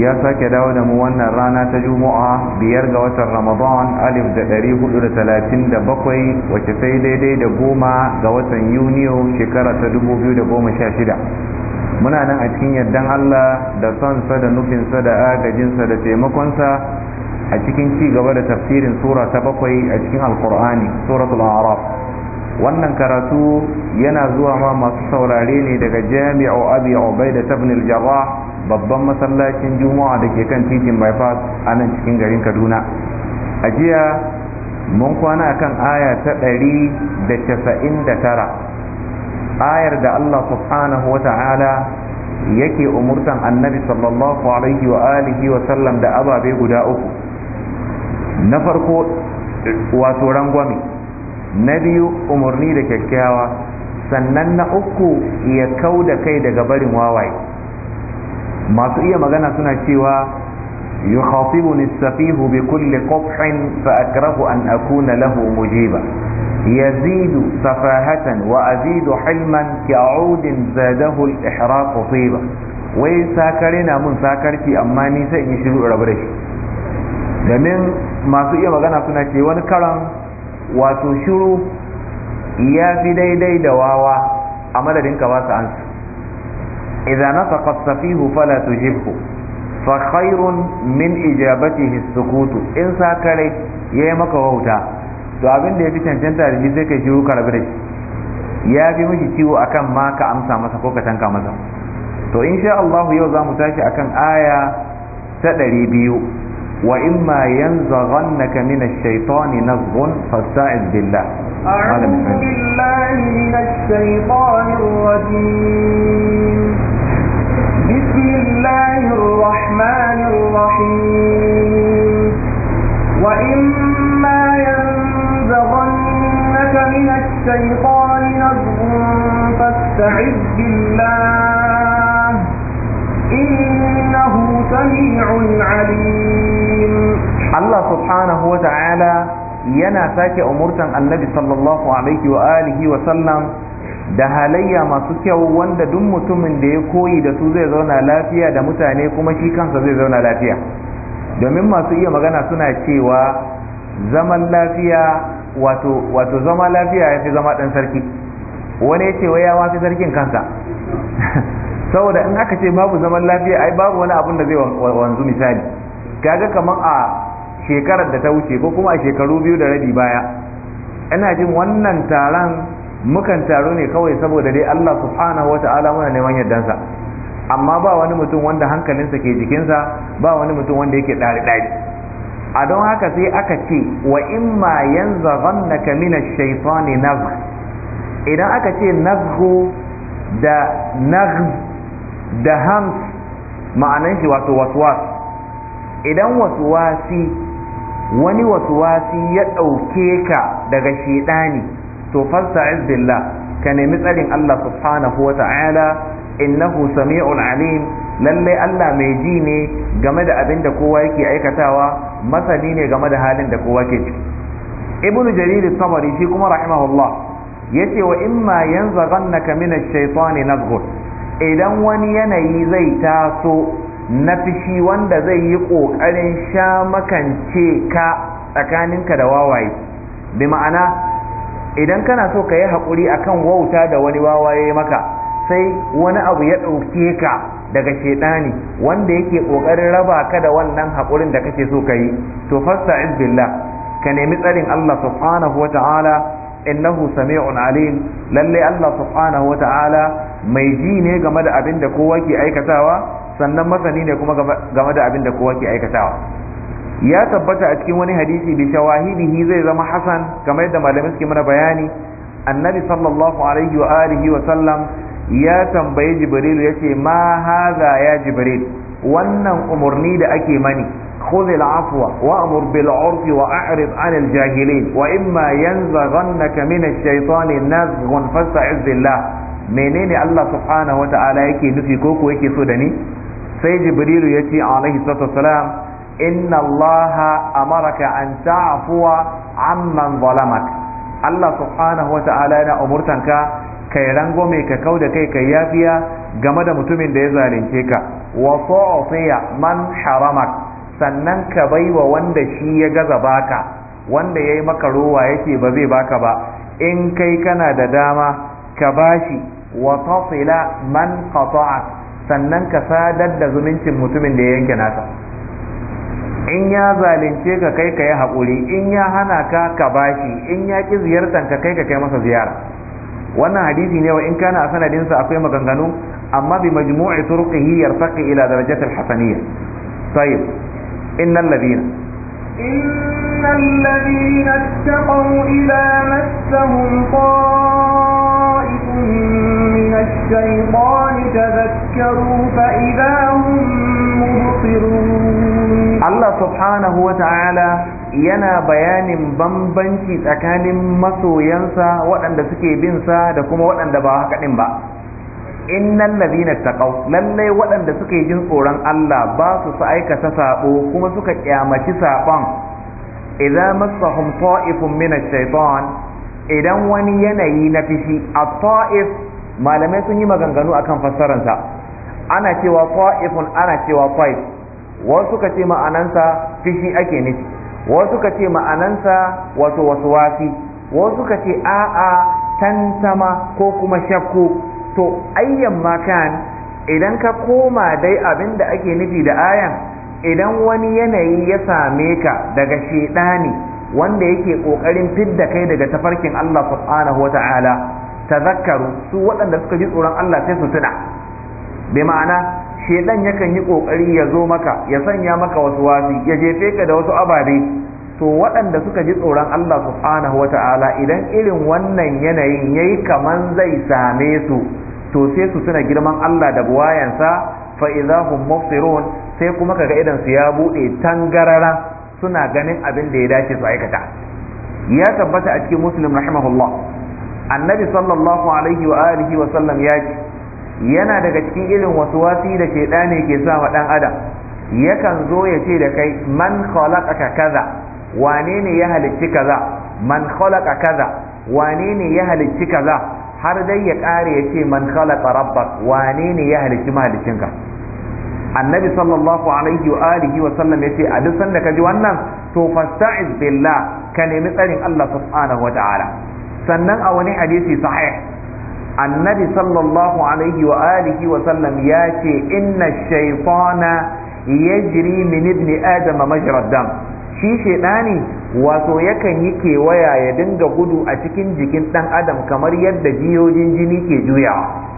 ya sake dawo da mu wannan rana ta juma'a biyar ga watan ramadan alif da ɗari hudu da talatin da bakwai wacce sai daidai da goma ga watan yuniyo shekara ta dubu biyu da goma sha shida muna nan a cikin yardan allah da sonsa da nufinsa da agajinsa da taimakonsa a cikin ci gaba da tafsirin sura ta bakwai a cikin alkur'ani suratul araf wannan karatu yana zuwa ma masu saurare ne daga jami'u abi ubaida tabnil jarrah babban masallacin juma'a da ke kan titin bypass a nan cikin garin kaduna a jiya mun kwana a kan aya ta ɗari da casa'in da tara ayar da allah subhanahu wa ta'ala yake umurtan annabi sallallahu alaihi wa alihi wa sallam da ababe guda uku na farko wato rangwame na biyu umarni da kyakkyawa sannan na uku ya kau da kai daga barin wawaye masu iya magana suna cewa yukhatibuni safihu bi kulli qathin fa akrahu an akuna lahu mujiba yazidu safahatan wa azidu hilman ki a'udin zadahu al-ihraq tiba wai sakare na mun sakarki amma ni sai in shiru rabu da domin masu iya magana suna cewa wani karan wato shiru ya fi daidai da wawa a madadin ka ba su ansu idza nafaqa as-safihu fala tujibhu fa khairun min ijabatihi as-sukutu in sakare yayi maka wauta to abin da ya cancanta da sai ka jiwo ka rabu ya fi miki ciwo akan ma ka amsa masa ko ka tanka masa to insha Allah yau za mu tashi akan aya ta ɗari biyu wa imma yanzaghannaka min ash-shaytani nazghun fasta'iz A أعوذ بالله na الشيطان الرجيم بسم الله الرحمن الرحيم وإما ينزغنك من الشيطان نزغ فاستعذ بالله إنه سميع عليم الله سبحانه وتعالى yana sake النبي صلى الله عليه وآله وسلم da halayya masu kyau wanda duk mutumin da ya koyi da su zai zauna lafiya da mutane kuma shi kansa zai zauna lafiya domin masu iya magana suna cewa zaman lafiya wato wato zama lafiya ya fi zama ɗan sarki wani ya ce wai ya fi sarkin kansa saboda in aka ce babu zaman lafiya ai babu wani abun da zai wanzu misali kaga kamar a shekarar da ta wuce ko kuma a shekaru biyu da rabi baya ina jin wannan taron mukan taru ne kawai saboda dai Allah subhanahu wa ta'ala muna neman yardansa amma ba wani mutum wanda hankalinsa ke jikinsa ba wani mutum wanda yake ɗari-ɗari a don haka sai aka ce wa in imma zannaka min ash-shaytani idan aka ce nazghu da nazgh da hams ma'anan shi wato waswas idan waswasi wani waswasi ya ɗauke ka daga shedani to fasta'iz ka nemi tsarin Allah subhanahu wa innahu sami'ul alim lallai Allah mai ji ne game da abin da kowa yake aikatawa masani ne game da halin da kowa ke ciki ibnu jarir samari shi kuma rahimahullah yace wa imma yanzaghannaka min ash-shaytani nazghur idan wani yanayi zai taso na fishi wanda zai yi kokarin sha makance ka tsakaninka da wawaye bi ma'ana idan kana so ka yi haƙuri a kan wauta da wani wawaye maka sai wani abu ya ɗauke ka daga shaidani wanda yake ƙoƙarin raba ka da wannan haƙurin da kake so ka yi to fasta billah ka nemi tsarin Allah subhanahu wa ta'ala innahu sami'un alim lalle Allah subhanahu wa ta'ala mai ji ne game da abin da kowa ke aikatawa sannan masani ne kuma game da abin da kowa ke aikatawa ya tabbata a cikin wani hadisi bi shawahidihi zai zama hasan kamar yadda malamai suke mana bayani annabi sallallahu alaihi wa alihi wa sallam ya tambayi jibril yace ma hadha ya jibril wannan umurni da ake mani خذ العفو وأمر بالعرف وأعرض عن الجاهلين وإما ينزغنك من الشيطان نزغ فاستعذ بالله menene Allah subhanahu wa ta'ala yake nufi ko ko yake so da ni sai jibrilu yace salatu inna allaha amaraka an ta'afuwa amman zalamak Allah subhanahu wata'ala yana umurtanka kai rangome ka kau da kai kai yafiya game da mutumin da ya zalunce ka wa tu'tiya man haramak sannan ka bai wa wanda shi ya gaza baka wanda yayi maka rowa yake ba zai baka ba in kai kana da dama ka bashi wa tasila man qata'ak sannan ka sadar da zumuncin mutumin da ya yanke nasa in ya zalunce ka kai ka yi haƙuri in ya hana ka ka bashi in ya ƙi ziyartar ka kai ka kai masa ziyara wannan hadisi ne wa in kana a sa akwai maganganu amma bi majmu'i turqihi yartaqi ila darajatil hasaniyya tayyib innal ladina innal ladina taqaw ila massahum ta'ifun min ash tadhakkaru fa idahum mubsirun Allah subhanahu wa ta'ala yana bayanin bambanci tsakanin masoyansa waɗanda suke bin sa da kuma waɗanda ba haka ɗin ba zina ladina taqaw lallai waɗanda suke jin tsoron Allah ba su su aikata saɓo kuma suka kyamaci sabon Idan masu ta'ifun min ash idan wani yanayi na fishi a taif malamai sun yi maganganu akan fassararsa ana cewa ta'ifun ana cewa ta'if wasu ka ce ma'anansa fishi ake nufi wasu ka ce ma'anansa wato wasu wasi wasu ka ce a'a tantama ko kuma shakku to ayyan makan idan ka koma dai abin da ake nufi da ayan idan wani yanayi ya same ka daga shedani wanda yake kokarin fidda kai daga tafarkin Allah subhanahu wata'ala tazakkaru su waɗanda suka ji tsoron Allah sai su tuna bi ma'ana shedan yakan yi kokari ya zo maka ya sanya maka wasu wasi ya jefe ka da wasu ababe to waɗanda suka ji tsoron Allah subhanahu wata'ala idan irin wannan yanayin yayi kaman zai same su to sai su suna girman Allah da buwayansa fa idahum mufsirun sai kuma kaga idan su ya bude tangarara suna ganin abin da ya dace su aikata ya tabbata a cikin muslim rahimahullah annabi sallallahu alaihi wa alihi wa sallam ya ce yana daga cikin irin wasu wasi da shaidani ke sa wa dan adam yakan zo ya ce da kai man khalaqaka kaza wane ne ya halicci kaza man khalaqa kaza wane ne ya halicci kaza har dai ya kare ya ce man khalaqa rabbak wane ne ya halicci mahaliccinka annabi sallallahu alaihi wa alihi wa sallam yace a duk sanda ka ji wannan to fasta'iz billah ka nemi tsarin Allah subhanahu wa ta'ala sannan a wani hadisi sahih annabi sallallahu alaihi wa alihi wa sallam ya ce inna shaytana yajri min ibn adam majra dam shi shaidani wato yakan yi kewaya ya dinga gudu a cikin jikin ɗan adam kamar yadda jiyojin jini ke juyawa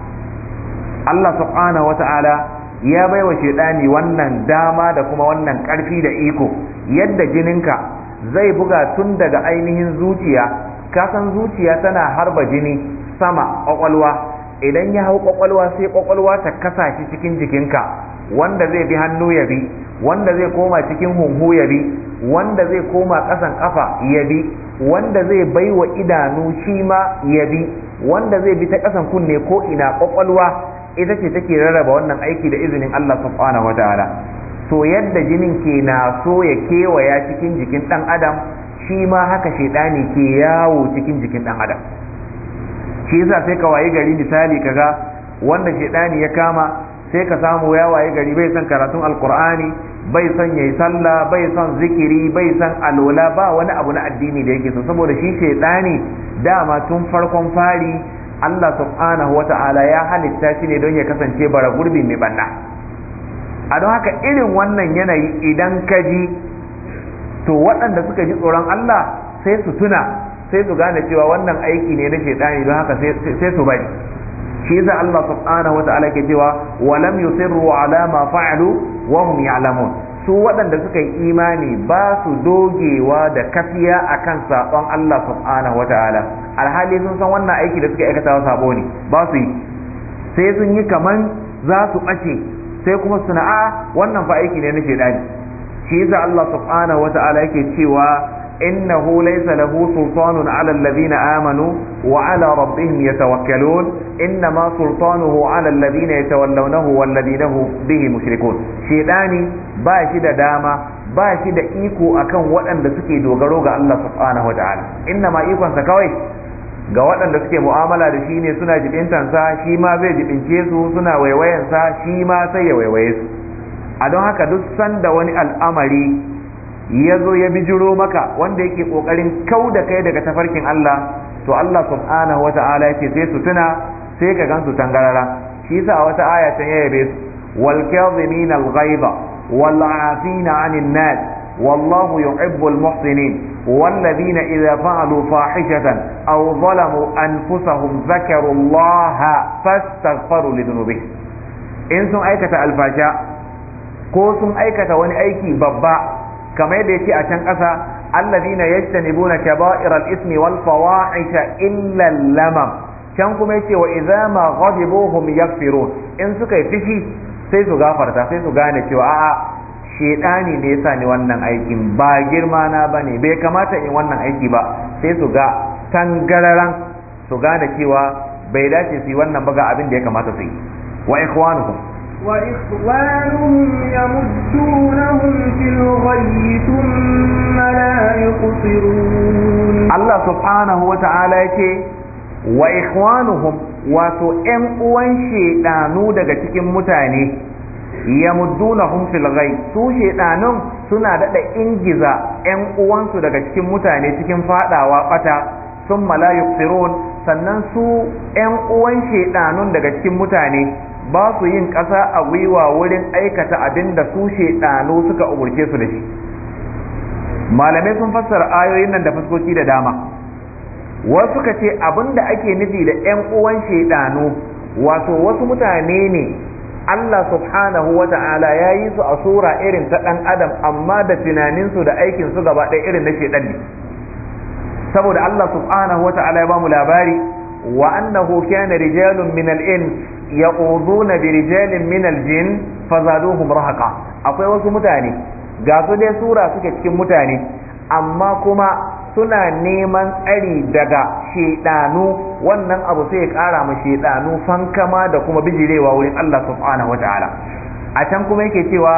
Allah subhanahu wata'ala ya baiwa shaidani wannan dama da kuma wannan karfi da iko yadda jininka zai buga tun daga ainihin zuciya kasan zuciya tana harba jini sama ƙwaƙwalwa idan ya hau ƙwaƙwalwa sai kwakwalwa ta kasa shi cikin jikinka wanda zai bi hannu ya bi wanda zai koma cikin hunhu ya bi wanda zai koma ƙasan ƙafa ya bi wanda zai bai wa idanu shi ma ya bi wanda zai bi ta ƙasan kunne ko ina ƙwaƙwalwa ita ce take rarraba wannan aiki da izinin Allah subhanahu wataala to yadda jinin ke na so ya kewaya cikin jikin ɗan adam shi ma haka shaidani ke yawo cikin jikin ɗan adam shi yasa sai ka waye gari misali kaga wanda shedani ya kama sai ka samu ya waye gari bai son karatun alqur'ani bai son yayi sallah bai son zikiri bai san alola ba wani abu na addini da yake so saboda shi shedani dama tun farkon fari Allah subhanahu wata'ala ya halitta shi ne don ya kasance bara gurbi mai banna a don haka irin wannan yanayi idan ka ji to waɗanda suka ji tsoron Allah sai su tuna sai su gane cewa wannan aiki ne na shaidani don haka sai su bari shi yasa Allah subhanahu wata'ala ke cewa wa lam yusirru ala ma fa'alu wa hum ya'lamun su waɗanda suka yi imani ba su dogewa da kafiya akan sabon Allah subhanahu wata'ala alhali sun san wannan aiki da suka aikata sabo ne ba su yi sai sun yi kaman za su bace sai kuma suna a wannan fa aiki ne na shaidani shi yasa Allah subhanahu wata'ala yake cewa innahu laysa lahu sultanun ala alladhina amanu wa ala rabbihim yatawakkalun inna ma sultanuhu ala alladhina yatawallawnahu wal ladina hum bihi mushrikun shedani ba shi da dama ba shi da iko akan waɗanda suke dogaro ga Allah subhanahu inna ma iko sa ga waɗanda suke mu'amala da shi ne suna jibintan sa shi ma zai jibince su suna wayewayan sa shi ma sai ya wayewaye su a don haka duk sanda wani al'amari ya zo ya bijiro maka wanda yake kokarin kau da kai daga tafarkin Allah to Allah subhanahu wa ta'ala yace sai su tuna sai ka gansu tangarara shi yasa a wata aya ta ya yabe su wal kadhimin al ghaiba wal afina 'anil nas wallahu yuhibbu al muhsinin والذين إذا فعلوا فاحشة أو ظلموا أنفسهم ذكروا الله فاستغفروا لذنوبهم in sun aikata alfasha ko sun aikata wani aiki babba kamar yadda yake a can ƙasa allazina yajtanibuna kaba'iral ismi wal fawahisha illa lamam can kuma yace wa idza ma ghadibuhum yaghfirun in suka yi fishi sai su gafarta sai su gane cewa a'a shedani ne yasa ni wannan aikin ba girma na bane bai kamata in wannan aiki ba sai su ga tangararan su gane cewa bai dace su yi wannan ba ga abin da ya kamata su yi wa ikhwanukum وإخوانهم يمدونهم في الغي ثم لا يقصرون الله سبحانه وتعالى يتي وإخوانهم wato ‘yan uwan shaidanu daga cikin mutane ya muddunahum fil ghai su shaidanun suna daɗa ingiza ‘yan uwansu daga cikin mutane cikin fadawa fata, sun la sannan su ‘yan uwan shaidanun daga cikin mutane ba su yin ƙasa a gwiwa wurin aikata abin da su shaidanu suka umurce su da shi malamai sun fassara ayoyin nan da fuskoki da dama wasu ka ce abin da ake nufi da 'yan uwan shaidanu wato wasu mutane ne Allah subhanahu wa ta'ala ya yi su a sura irin ta ɗan adam amma da tunaninsu da aikinsu gaba ɗaya irin na shaidan ne saboda Allah subhanahu wa ta'ala ya ba mu labari wa annahu kana rijalun min al ya'uduna bi rijalin min aljin fazaduhum akwai wasu mutane ga su dai sura suke cikin mutane amma kuma suna neman tsari daga shedanu wannan abu sai ya kara mu shedanu fankama da kuma bijirewa wurin Allah subhanahu wataala a can kuma yake cewa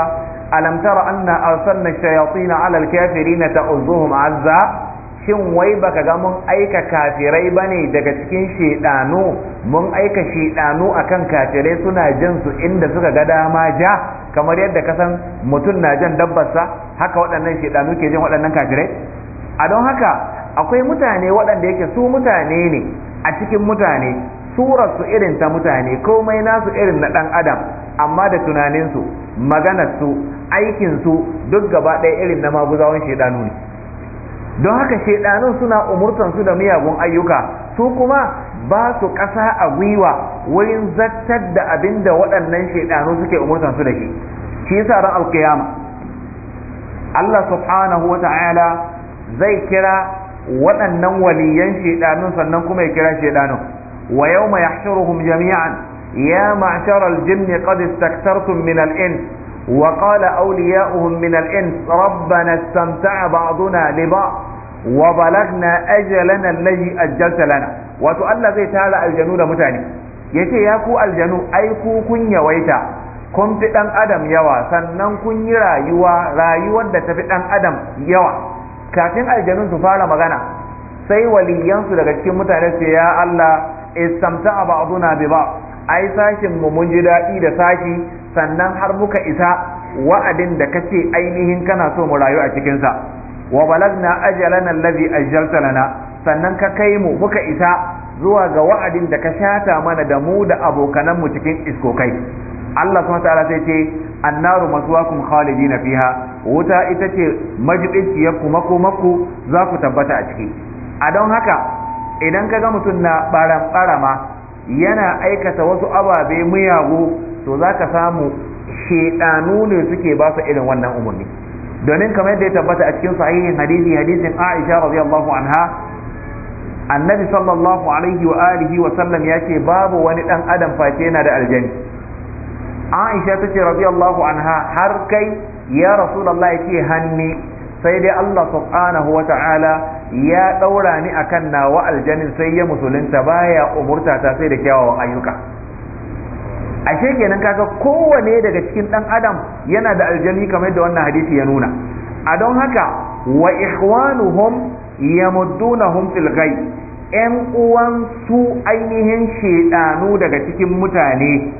alam tara anna arsalna shayatin ala alkafirin ta'uzuhum azza shin wai baka ga mun aika kafirai ba ne daga cikin shedanu mun aika a akan kafirai suna jan su inda suka ga dama ja kamar yadda ka san mutum na jan dabbarsa haka waɗannan shedanu ke jin waɗannan kafirai a don haka akwai mutane waɗanda yake su mutane ne a cikin mutane su irin ta mutane komai nasu irin na ɗan adam amma da tunaninsu maganarsu aikinsu duk gaba ɗaya irin na maguzawan shedanu ne don haka shaidanun suna umurtan su da miyagun ayyuka su kuma ba su ƙasa a gwiwa wurin zartar da abin da waɗannan shaidanu suke umurtan su da shi shi yasa ran alkiyama Allah subhanahu wa ta'ala zai kira waɗannan waliyan shaidanun sannan kuma ya kira shaidanun wa yawma yahshuruhum jami'an ya ma'shar al-jinn qad istaktartum min al-ins وقال أولياؤهم من الإنس ربنا استمتع بعضنا لبعض وبلغنا أجلنا الذي أجلت لنا وتؤلى زي تعالى الجنود متعني yace ya ku aljanu ai ku kun yawaita kun fi dan adam yawa sannan kun yi rayuwa rayuwar da tafi ɗan adam yawa kafin aljanun su fara magana sai waliyyansu daga cikin mutane su ya Allah istamta'a ba'duna bi ba'd ai sashin mu mun ji daɗi da sashi sannan har muka isa wa'adin da kace ainihin kana so mu rayu a cikin sa wa balagna ajalana allazi ajjalta lana sannan ka kai mu muka isa zuwa ga wa'adin da ka shata mana da mu da abokanan mu cikin iskokai Allah subhanahu ta'ala sai ce annaru maswakum khalidina fiha wuta ita ce majidinciyar kuma mako mako za ku tabbata a ciki a don haka idan ka ga mutum na baran barama yana aikata wasu ababe miyagu to za ka samu shedanu ne suke ba su irin wannan umarni domin kamar yadda ya tabbata a cikin sahihin hadisi hadisin Aisha radiyallahu anha annabi sallallahu alaihi wa alihi wa sallam ya babu wani dan adam face yana da aljani Aisha tace ce radiyallahu anha har kai ya rasulullahi ya hanni sai dai Allah subhanahu wa ta'ala ya ɗaura ni akan nawa aljanin sai ya musulunta baya umurta ta sai da kyawawan ayyuka ashe kenan kaga kowane daga cikin ɗan adam yana da aljani kamar da wannan hadisi ya nuna a don haka wa ikhwanuhum yamuddunahum fil ghaib ‘yan uwansu ainihin shaidanu daga cikin mutane,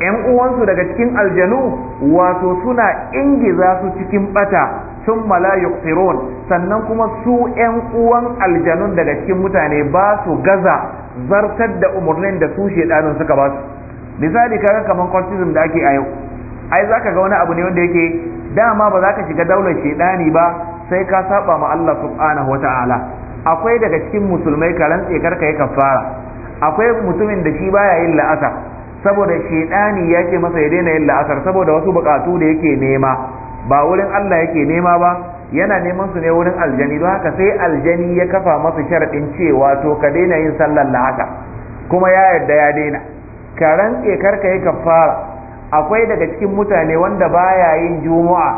‘yan uwansu daga cikin aljanu wato suna ingiza su cikin bata thumma la yuqtirun sannan kuma su ƴan uwan aljanun daga cikin mutane ba su gaza zartar da umarnin da su shedanun suka ba su misali kaga kaman cultism da ake a yau ai zaka ga wani abu ne wanda yake dama ba za ka shiga daular shedani ba sai ka saba ma Allah subhanahu wa ta'ala akwai daga cikin musulmai ka rantse karka yi fara. akwai mutumin da shi baya yin la'asar saboda shedani ya ce masa ya daina yin la'asar saboda wasu bukatu da yake nema ba wurin Allah yake nema ba yana neman su ne wurin aljani don haka sai aljani ya kafa masa sharaɗin cewa to ka daina yin sallar haka kuma ya yarda ya daina ka rantse karka yi kafara akwai daga cikin mutane wanda baya yin juma'a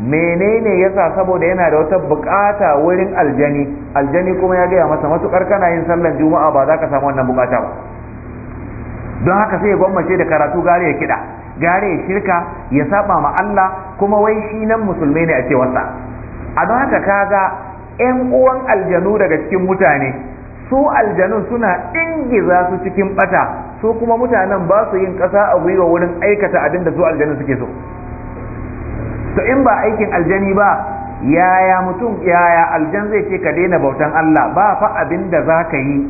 menene yasa saboda yana da wata bukata wurin aljani aljani kuma ya gaya masa matukar kana yin sallar juma'a ba za ka samu wannan bukata ba don haka sai ya gwammace da karatu gare ya kiɗa gare ya shirka ya saba ma Allah kuma wai shi nan musulmai ne a cewarsa a don haka kaga yan uwan aljanu daga cikin mutane su aljanu suna ingiza su cikin bata su kuma mutanen ba su yin ƙasa a gwiwa wurin aikata abin da su aljanu suke so to in ba aikin aljani ba yaya mutum yaya aljan zai ce ka daina bautan Allah ba fa abin da za ka yi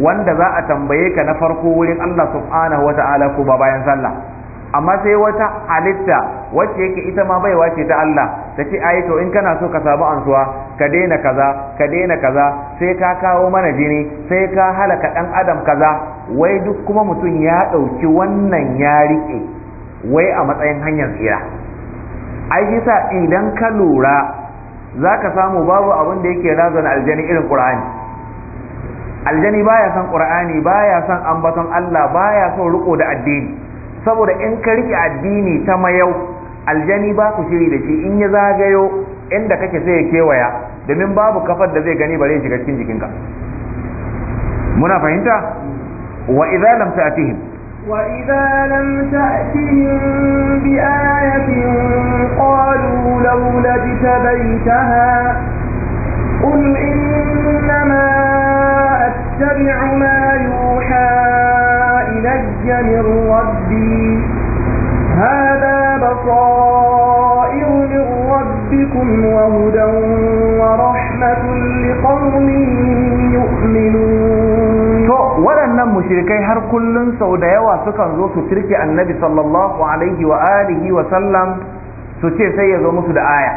wanda za a tambaye ka na farko wurin Allah subhanahu wa ta'ala ko ba bayan sallah amma sai wata halitta wacce yake ita ma baiwa ce ta Allah ta ce ai to in kana so ka samu ansuwa ka daina kaza ka daina kaza sai ka kawo mana jini sai ka halaka dan adam kaza wai duk kuma mutum ya ɗauki wannan ya riƙe wai a matsayin hanyar tsira ai yasa idan ka lura zaka samu babu abin da yake razana aljani irin ƙur'ani aljani baya son qur'ani baya son ambaton Allah baya son riko da addini saboda in ka riƙe addini ta mayau aljani ba ku shiri da shi in ya zagayo inda kake sai ya kewaya domin babu kafar da zai gani bare shiga cikin jikinka muna fahimta wa idza lam ta'tihim wa idza lam ta'tihim bi ayatin qalu lawla tabaytaha qul innama attabi'u ma yuha الحق من ربي هذا بصائر من ربكم وهدى ورحمة لقوم waɗannan mushrikai har kullum sau da yawa sukan zo su cirki annabi sallallahu alaihi wa alihi wa sallam su ce sai ya zo musu da aya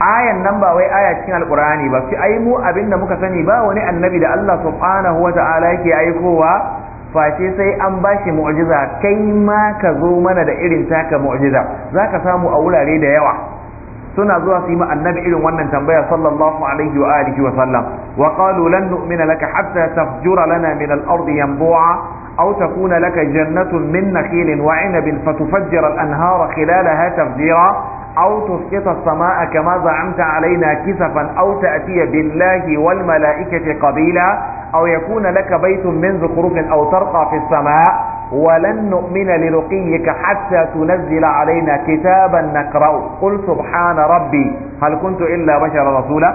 ayan nan ba wai aya cikin alkur'ani ba sai ai mu abinda muka sani ba wani annabi da Allah subhanahu wa ta'ala yake aikowa face sai an bashi mu'jiza kai ma ka zo mana da irin taka mu'jiza zaka samu a wurare da yawa suna zuwa su yi annabi irin wannan tambaya sallallahu alaihi wa alihi wa sallam wa qalu lan nu'mina laka hatta tafjura lana min al-ardi yanbu'a aw takuna laka jannatun min nakhilin wa 'inabin fatufajjira al-anhara khilalaha tafjira aw tusqita as-samaa'a kama za'amta alaina kisafan aw ta'tiya billahi wal mala'ikati qabila aw yakuna laka baytun min zukhrufin aw tarqa fi as-samaa ولن نؤمن لرقيك حتى تنزل علينا كتابا نقرأ قل سبحان ربي هل كنت إلا بشرا رسولا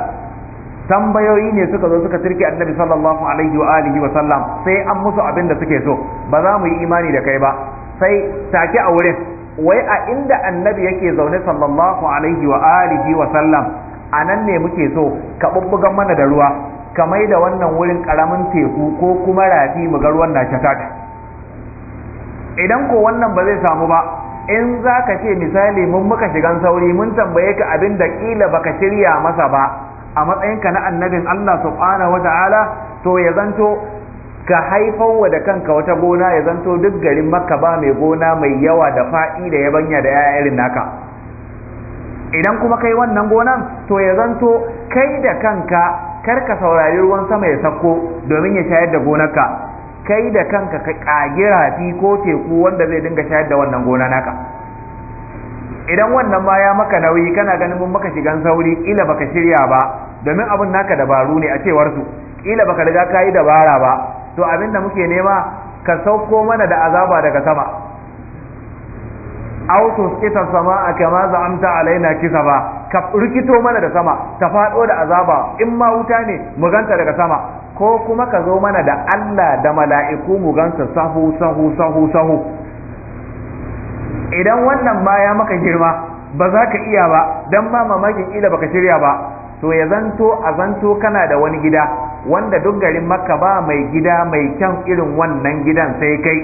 tambayoyi ne suka zo suka turke annabi sallallahu alaihi wa alihi wa sallam sai an musu abin da suke so ba za mu yi imani da kai ba sai take a wurin wai a inda annabi yake zaune sallallahu alaihi wa alihi wa sallam a nan ne muke so ka bubbugan mana da ruwa ka mai da wannan wurin karamin teku ko kuma rafi mu ga ruwan na idan ko wannan ba zai samu ba in za ka ce misali mun muka shigan sauri mun tambaye ka abin da kila baka shirya masa ba a matsayinka na annabin Allah subhanahu wata'ala to ya zanto ka haifar da kanka wata gona ya zanto duk garin makka ba mai gona mai yawa da fa'i da yabanya da 'ya'yan irin naka idan kuma kai wannan gonan to ya zanto kai da kanka kar ka saurari ruwan sama ya sako domin ya shayar da gonarka kai da kanka ka kagira fi ko teku wanda zai dinga shayar da wannan gona naka idan wannan ma ya maka nauyi kana ganin mun maka shigan sauri ila baka shirya ba domin abin naka dabaru ne a cewar su ila baka riga ka yi dabara ba to abin da muke nema ka sauko mana da azaba daga sama autos ita sama a kama za'amta alaina kisa ba ka rikito mana da sama ta faɗo da azaba in ma wuta ne mu ganta daga sama ko kuma ka zo mana da Allah da mala'iku mu ganta sahu sahu sahu sahu idan wannan ma ya maka girma ba za ka iya ba dan ma mamakin ila baka shirya ba to ya zanto a zanto kana da wani gida wanda duk garin makka ba mai gida mai kyan irin wannan gidan sai kai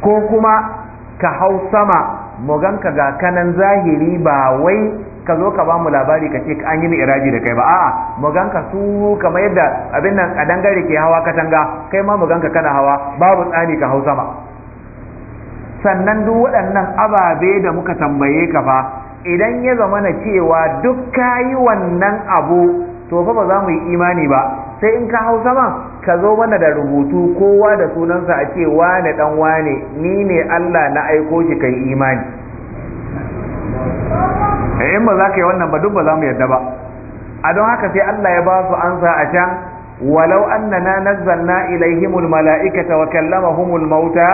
ko kuma ka hau sama mu ganka ga kanan zahiri ba wai ka zo ka ba mu labari ka ce an yi ni iraji da kai ba a'a mu ganka su kamar yadda abin nan a dangare ke hawa katanga kai ma mu ganka kana hawa babu tsani ka hau sama sannan duk waɗannan ababe da muka tambaye ka fa idan ya zama na cewa duk kayi wannan abu to fa ba za mu yi imani ba sai in ka hau sama ka zo mana da rubutu kowa da sunansa a ce wane dan wane ni ne Allah na aiko shi kai imani Eh, in ba za ka yi wannan ba duk ba za mu yadda ba a don haka sai Allah ya ba su ansa a can walau annana nazzalna ilaihimul mala'ikata wa kallamahumul mauta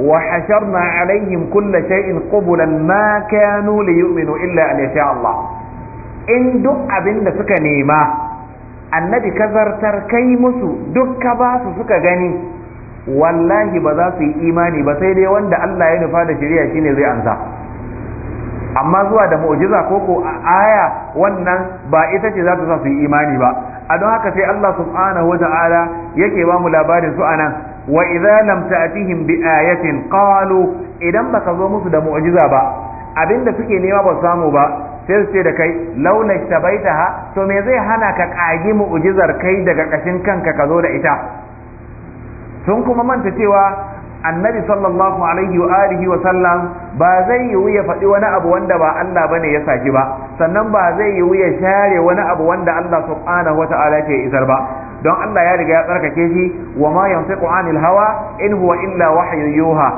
wa hasharna alaihim kulla shay'in qubulan ma kanu liyu'minu illa an yasha Allah in duk abin da suka nema annabi kazartar kai musu duk ka ba su suka gani wallahi ba za su yi imani ba sai dai wanda Allah ya nufa da shari'a shine zai ansa amma zuwa da mu'jiza ko ko a aya wannan ba ita ce za ta sa su yi imani ba a don haka sai Allah subhanahu wa ta'ala yake ba mu labarin su anan wa idza lam ta'tihim bi ayatin qalu idan baka zo musu da mu'jiza ba abinda suke nema ba samu ba sai su ce da kai launa tabaitaha to me zai hana ka kagi mu'jizar kai daga kashin kanka ka zo da ita sun kuma manta cewa annabi sallallahu alaihi wa alihi wa sallam ba zai yiwu ya faɗi wani abu wanda ba Allah bane ya saki ba sannan ba zai yiwu ya share wani abu wanda Allah subhanahu wa ta'ala ke isar ba don Allah ya riga ya tsarkake shi wa ma yanfiqu anil hawa in huwa illa wahyu yuha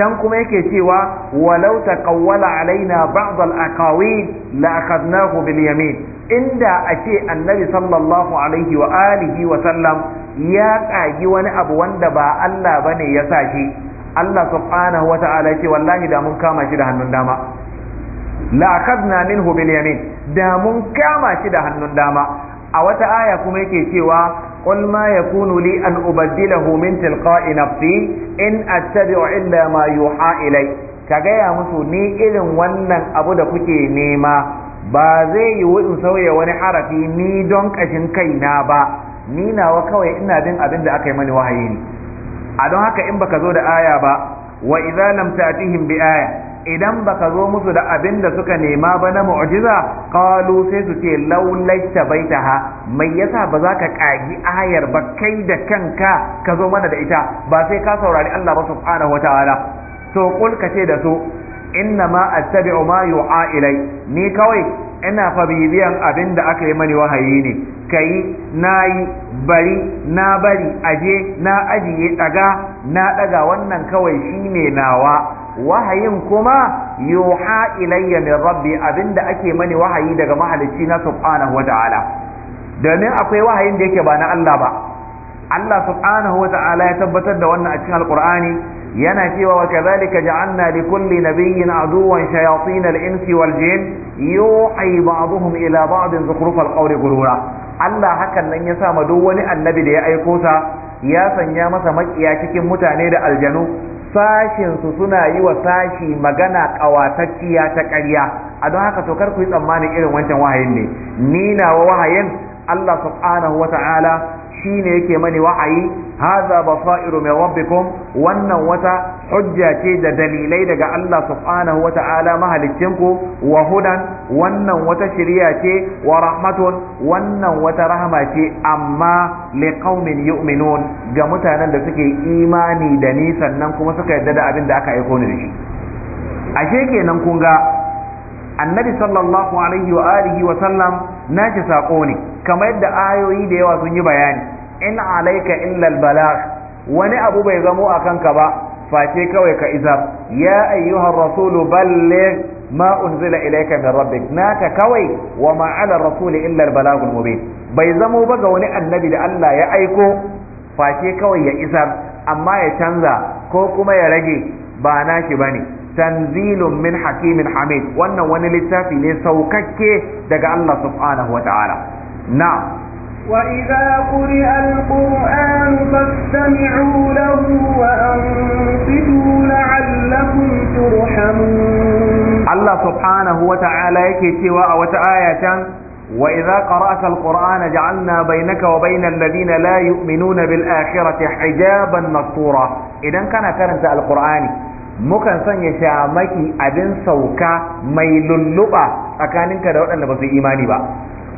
can kuma yake cewa walau taqawwala alaina ba'd al aqawil la akhadnahu bil yamin inda a ce annabi sallallahu alaihi wa alihi wa sallam ya tsagi wani abu wanda ba Allah ba ne ya sa shi Allah subhanahu wa ta'ala ce wallahi da mun kama shi da hannun dama la akhadna minhu bil yamin da mun kama shi da hannun dama a wata aya kuma yake cewa qul ma yakunu li an ubaddilahu min tilqa'i nafsi in attabi'u illa ma yuha ilai ka gaya musu ni irin wannan abu da kuke nema ba zai yi in sauya wani harafi ni don kashin kaina ba ni nawa kawai ina bin abin da aka yi mani wahayi ne a don haka in baka zo da aya ba wa idza lam ta'tihim bi aya idan baka zo musu da abin da suka nema ba na mu'jiza qalu sai su ce laita baitaha mai yasa ba za ka kagi ayar ba kai da kanka ka zo mana da ita ba sai ka saurari Allah ba subhanahu wataala to kul ka ce da su inna ma attabi'u ma yu'a ilai ni kawai ina fa abin da aka yi mani wahayi ne kai na yi bari na bari aje na ajiye daga na daga wannan kawai shine nawa wahayin kuma yuha ilayya min rabbi da ake mani wahayi daga mahalicci na subhanahu wata'ala domin akwai wahayin da yake ba na Allah ba Allah subhanahu wata'ala ya tabbatar da wannan a cikin alqur'ani yana cewa wa kadhalika ja'alna li kulli nabiyyin aduwwan shayatin al-insi wal jin yuhi ba'dhum ila ba'd zukhruf al-qawli ghurura Allah hakan nan ya sa ma duk wani annabi da ya aiko sa ya sanya masa makiya cikin mutane da aljanu sashin su suna yi wa sashi magana kawatacciya ta ƙarya a don haka to kar ku yi tsammanin irin wancan wahayin ne ni wa wahayin Allah subhanahu wa ta'ala Shi ne yake mani wa'ayi hadha basairu min rabbikum wannan wata hujja ce da dalilai daga Allah subhanahu wa ta'ala ku wa hudan wannan wata shari'a ce wa rahmatun wannan wata rahma ce amma liqaumin yu'minun ga mutanen da suke imani da ni sannan kuma suka yarda da abin da aka aiko ni da shi ashe kenan kun ga annabi sallallahu alaihi wa alihi wa sallam nashi sako ne kamar yadda ayoyi da yawa sun yi bayani in alaika illal albalagh wani abu bai zamo a kanka ba face kawai ka isa ya ayyuhar rasulu balligh ma unzila ilayka min rabbik naka kawai wa ma ala rasuli illa albalagul mubin bai zamo ba ga wani annabi da Allah ya aiko face kawai ya isa amma ya canza ko kuma ya rage ba nashi bane تنزيل من حكيم حميد وانا وانا littafi لسوكك saukakke الله سبحانه وتعالى نعم وإذا قرئ القرآن فاستمعوا له وأنصتوا لعلكم ترحمون الله سبحانه وتعالى يكي سواء وتآية وإذا قرأت القرآن جعلنا بينك وبين الذين لا يؤمنون بالآخرة حجابا مستورا إذا كان كرنت القرآن mukan sanya shamaki abin sauka mai lulluɓa tsakaninka da waɗanda ba su imani ba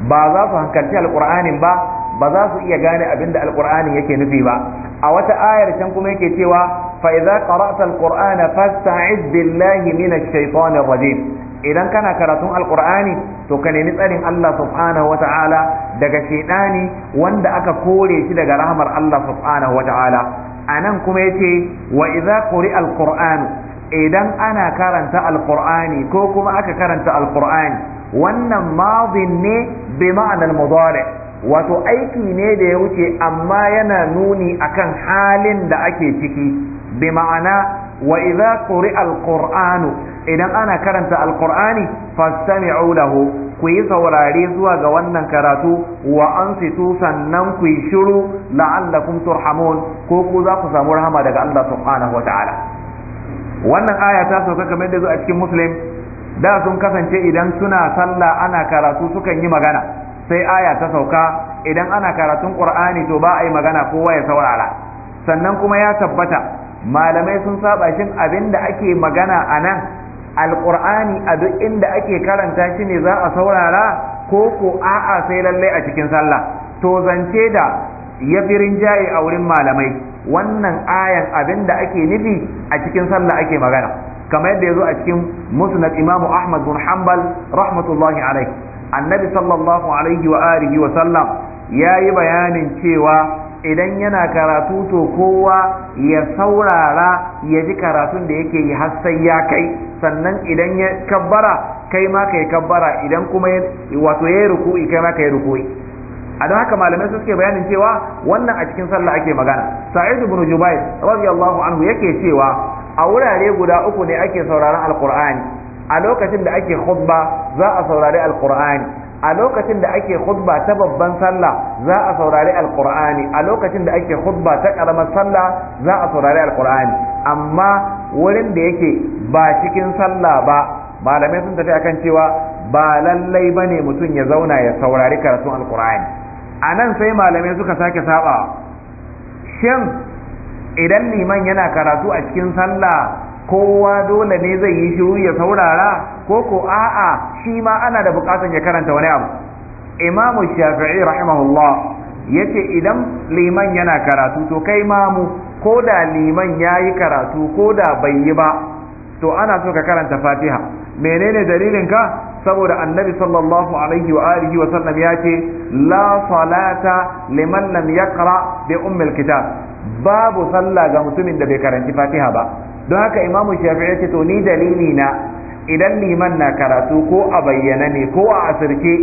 ba za su hankalci alƙur'anin ba ba za su iya gane abin da alƙur'anin yake nufi ba a wata ayar can kuma yake cewa fa idza qara'ta alqur'ana fasta'iz billahi minash shaitanir rajim idan kana karatun alqur'ani to ka nemi tsarin Allah subhanahu wata'ala daga shaitani wanda aka kore shi daga rahmar Allah subhanahu wata'ala nan kuma ce wa idza quri'a alqur'anu idan ana karanta alƙur'ani ko kuma aka karanta alkur'ani wannan ma'zin ne bi ma'anar mudari wato aiki ne da ya wuce amma yana nuni akan halin da ake ciki bi ma'ana wa idza quri'a alqur'anu idan ana karanta alkur'ani fastami'u lahu ku yi saurare zuwa ga wannan karatu wa ansitu sannan ku yi shiru la'allakum turhamun ko ku za ku samu rahama daga Allah subhanahu wata'ala wannan aya ta sauka kamar da zo a cikin muslim da sun kasance idan suna sallah ana karatu sukan yi magana sai aya ta sauka idan ana karatun qur'ani to ba a yi magana kowa ya saurara sannan kuma ya tabbata malamai sun saba shin abin da ake magana a nan Alkur'ani a duk inda ake karanta shi ne za a saurara ko ko a'a sai lallai a cikin sallah to zance da ya fi rinjaye a wurin malamai wannan ayan abin da ake nufi a cikin sallah ake magana kamar yadda ya zo a cikin musnad imamu ahmad bin hanbal rahmatullahi alaihi annabi sallallahu alaihi wa alihi wa sallam ya yi bayanin cewa idan yana karatu to kowa ya saurara ya ji karatun da yake yi har sai ya kai sannan idan ya kabbara kai ma kai kabbara idan kuma wato yayi ruku'i kai ma kai ruku'i a don haka malamai suke bayanin cewa wannan a cikin sallah ake magana sa'id ibn jubair radiyallahu anhu yake cewa a wurare guda uku ne ake sauraron alqur'ani a lokacin da ake khutba za a saurari alqur'ani a lokacin da ake khutba ta babban sallah za a saurari alqur'ani a lokacin da ake khutba ta karamar sallah za a saurari alqur'ani amma wurin da yake ba cikin sallah ba malamai sun tafi akan cewa ba lallai ba ne mutum ya zauna ya saurari karatun alqur'ani a nan sai malamai suka sake saba shin idan liman yana karatu a cikin sallah kowa dole ne zai yi shiru ya saurara ko ko a'a shi ma ana da bukatan ya karanta wani abu imamu shafi'i rahimahullah ce idan liman yana karatu to kai mamu ko da liman ya yi karatu ko da bai yi ba to ana so ka karanta fatiha menene dalilin ka saboda annabi sallallahu alaihi wa alihi wa sallam ya ce la salata liman lam yaqra bi ummil kitab babu sallah ga mutumin da bai karanci fatiha ba don haka imamu shafi'i ce to ni dalili na idan liman na karatu ko a bayyana ne ko a asirce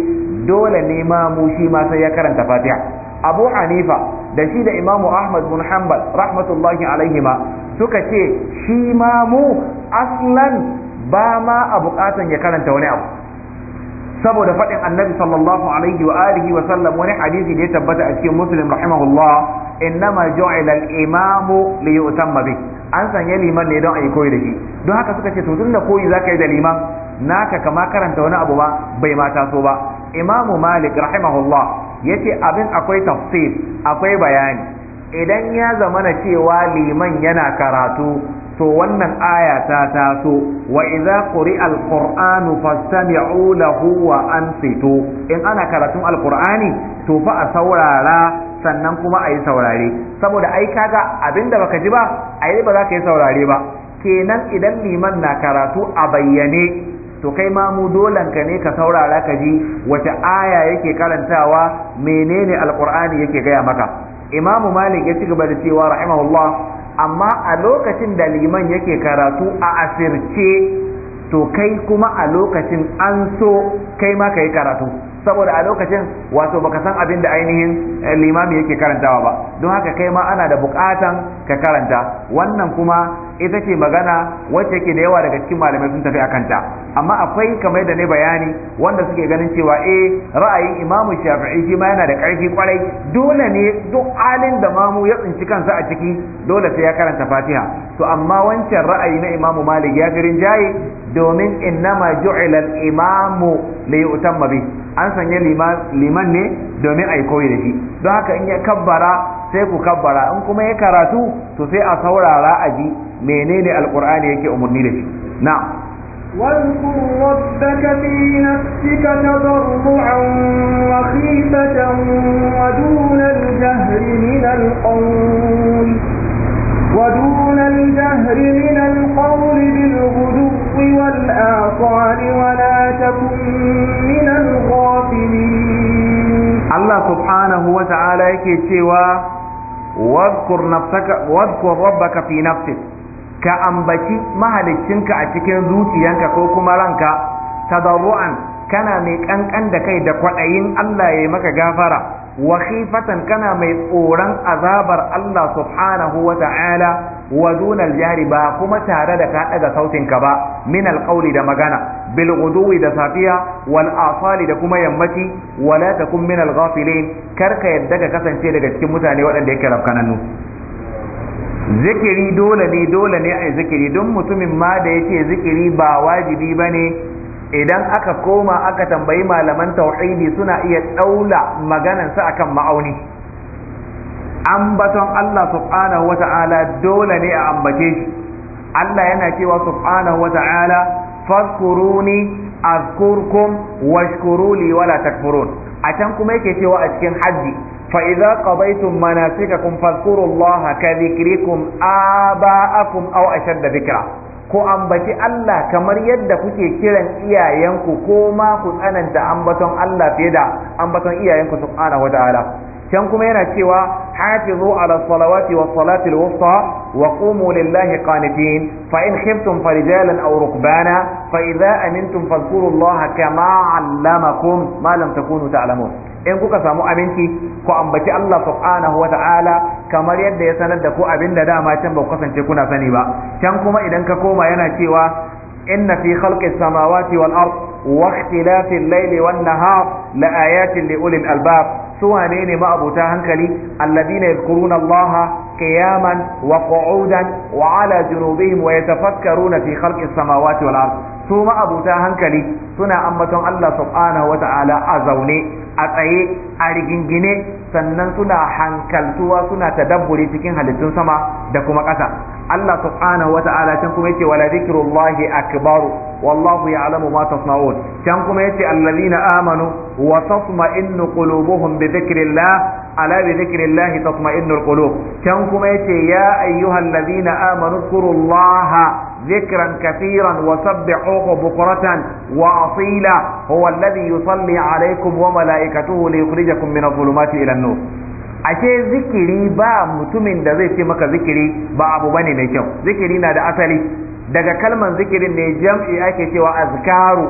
dole ne mu shi ma sai ya karanta fatiha abu hanifa da shi da imamu ahmad bin hanbal rahmatullahi alaihima suka ce shi mu aslan ba ma a bukatan ya karanta wani abu saboda faɗin annabi sallallahu alaihi wa alihi wa sallam wani hadisi da ya tabbata a cikin muslim rahimahullah innama ju'ila al-imamu li yu'tamma bi an sanye liman ne don a yi koyi da shi don haka suka ce to tunda koyi zaka yi da liman naka kama karanta wani abu ba bai mata so ba imamu malik rahimahullah yace abin akwai tafsir akwai bayani idan ya zamana cewa liman yana karatu to wannan aya ta taso wa idza quri'a alqur'anu fastami'u lahu wa ansitu in ana karatun alqur'ani to fa a saurara sannan kuma a yi saurare saboda ai kaga abinda baka ji ba ai ba za ka yi saurare ba kenan idan liman na karatu a bayyane to kai ma mu dolan ka ne ka saurara ka ji wace aya yake karantawa menene alqur'ani yake gaya maka imamu malik ya ci gaba da cewa rahimahullah amma a lokacin da liman yake karatu a asirce to kai kuma a lokacin an so kai ma ka yi karatu saboda a lokacin wato baka san abin da ainihin eh, limami yake karantawa ba don haka kai ma ana da bukatan ka karanta wannan kuma ita ce magana wacce yake da yawa daga cikin malamai sun tafi akan ta amma akwai kamar da ne bayani wanda suke ganin cewa eh ra'ayin Imam Shafi'i shi ma yana da ƙarfi kwarai dole ne duk halin da mamu ya tsinci kansa a ciki dole sai ya karanta Fatiha to amma wancan ra'ayi na imamu Malik ya firin jaye domin innama ju'ila al-imamu li yu'tamma bi an sanya liman ne domin ai koyi da shi don haka in ya kabbara sai ku kabbara in kuma ya karatu to sai a saurara a ji menene alqur'ani yake umarni da shi na'am واذكر ربك في نفسك تضرعا وخيفة ودون الجهر من القول ودون الجهر من القول بالغدو والآصال ولا تكن من الغافلين الله سبحانه وتعالى يكي cewa واذكر نفسك واذكر ka ambaci mahaliccinka a cikin zuciyanka ko kuma ranka tadarru'an kana mai ƙanƙan da kai da kwaɗayin Allah ya maka gafara wa kana mai tsoron azabar Allah subhanahu wa ta'ala wa dunal jari ba kuma tare da ka daga sautin ka ba min alqawli da magana bil ghuduwi da safiya wal asali da kuma yammaci wala takun min al kar ka yadda ka kasance daga cikin mutane waɗanda yake rafkananu zikiri dole ne dole ne a zikiri don mutumin ma da yake zikiri ba wajibi ne idan aka koma aka tambayi malaman tauhidi suna iya daula maganansa akan ma'auni ambaton Allah subhanahu ta'ala dole ne a ambace shi Allah yana cewa subhanahu wata'ala fadkuruni azkurkum washkuru wala takfurun a can kuma yake cewa a cikin hajji فإذا قضيتم مناسككم فاذكروا الله كذكركم آباءكم أو أشد ذكرا ko ambaci Allah kamar yadda kuke kiran iyayenku ko ma ku tsananta ambaton Allah fiye da ambaton iyayenku subhanahu ta'ala. can kuma yana cewa hafizu ala salawati was salati al wusta wa qumu lillahi qanitin fa in khiftum farijalan aw rukbana fa idza amintum fadhkurullaha kama allamakum ma lam takunu ta'lamun in kuka samu aminci ku ambaci Allah subhanahu wa ta'ala kamar yadda ya sanar da ku abinda dama can ba ku kasance kuna sani ba can kuma idan ka koma yana cewa inna fi khalqis samawati wal ard واختلاف الليل والنهار لآيات لأولي albab su wane ne ma'abota hankali alladina yadhkuruna allaha qiyaman wa qu'udan wa ala junubihim wa fi khalqis samawati wal ard su ma'abuta hankali suna ambaton Allah subhanahu wa ta'ala a zaune a tsaye a rigingine sannan suna hankaltuwa suna tadabburi cikin halittun sama da kuma ƙasa Allah subhanahu wata'ala can kuma yace wala zikrullahi akbaru wallahu ya'lamu ma tasna'un can kuma yace allazina amanu wa tatma'innu qulubuhum bi dhikrillah ala bi dhikrillah tatma'innul qulub can kuma yace ya ayyuhallazina amanu zkurullaha ذكرا كثيرا وسبحوه بكرة وأصيلا هو الذي يصلي عليكم وملائكته ليخرجكم من الظلمات إلى النور ashe zikiri ba mutumin da zai ce maka zikiri ba abu bane mai kyau zikiri na da asali daga kalman zikirin ne jam'i ake cewa azkaru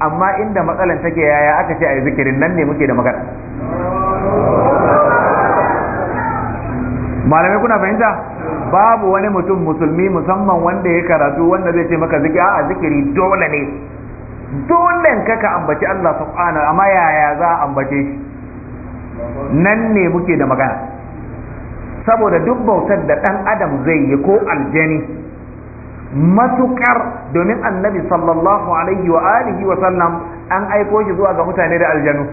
amma inda matsalan take yaya aka ce a zikirin nan ne muke da magana malamai kuna fahimta babu wani mutum musulmi musamman wanda ya karatu wanda zai ce maka zikiri a zikiri dole ne dole ka ka ambaci Allah subhanahu amma yaya za a ambace shi nan ne muke da magana saboda duk bautar da ɗan adam zai yi ko aljani matukar domin annabi sallallahu alaihi wa alihi wa sallam an aiko shi zuwa ga mutane da aljanu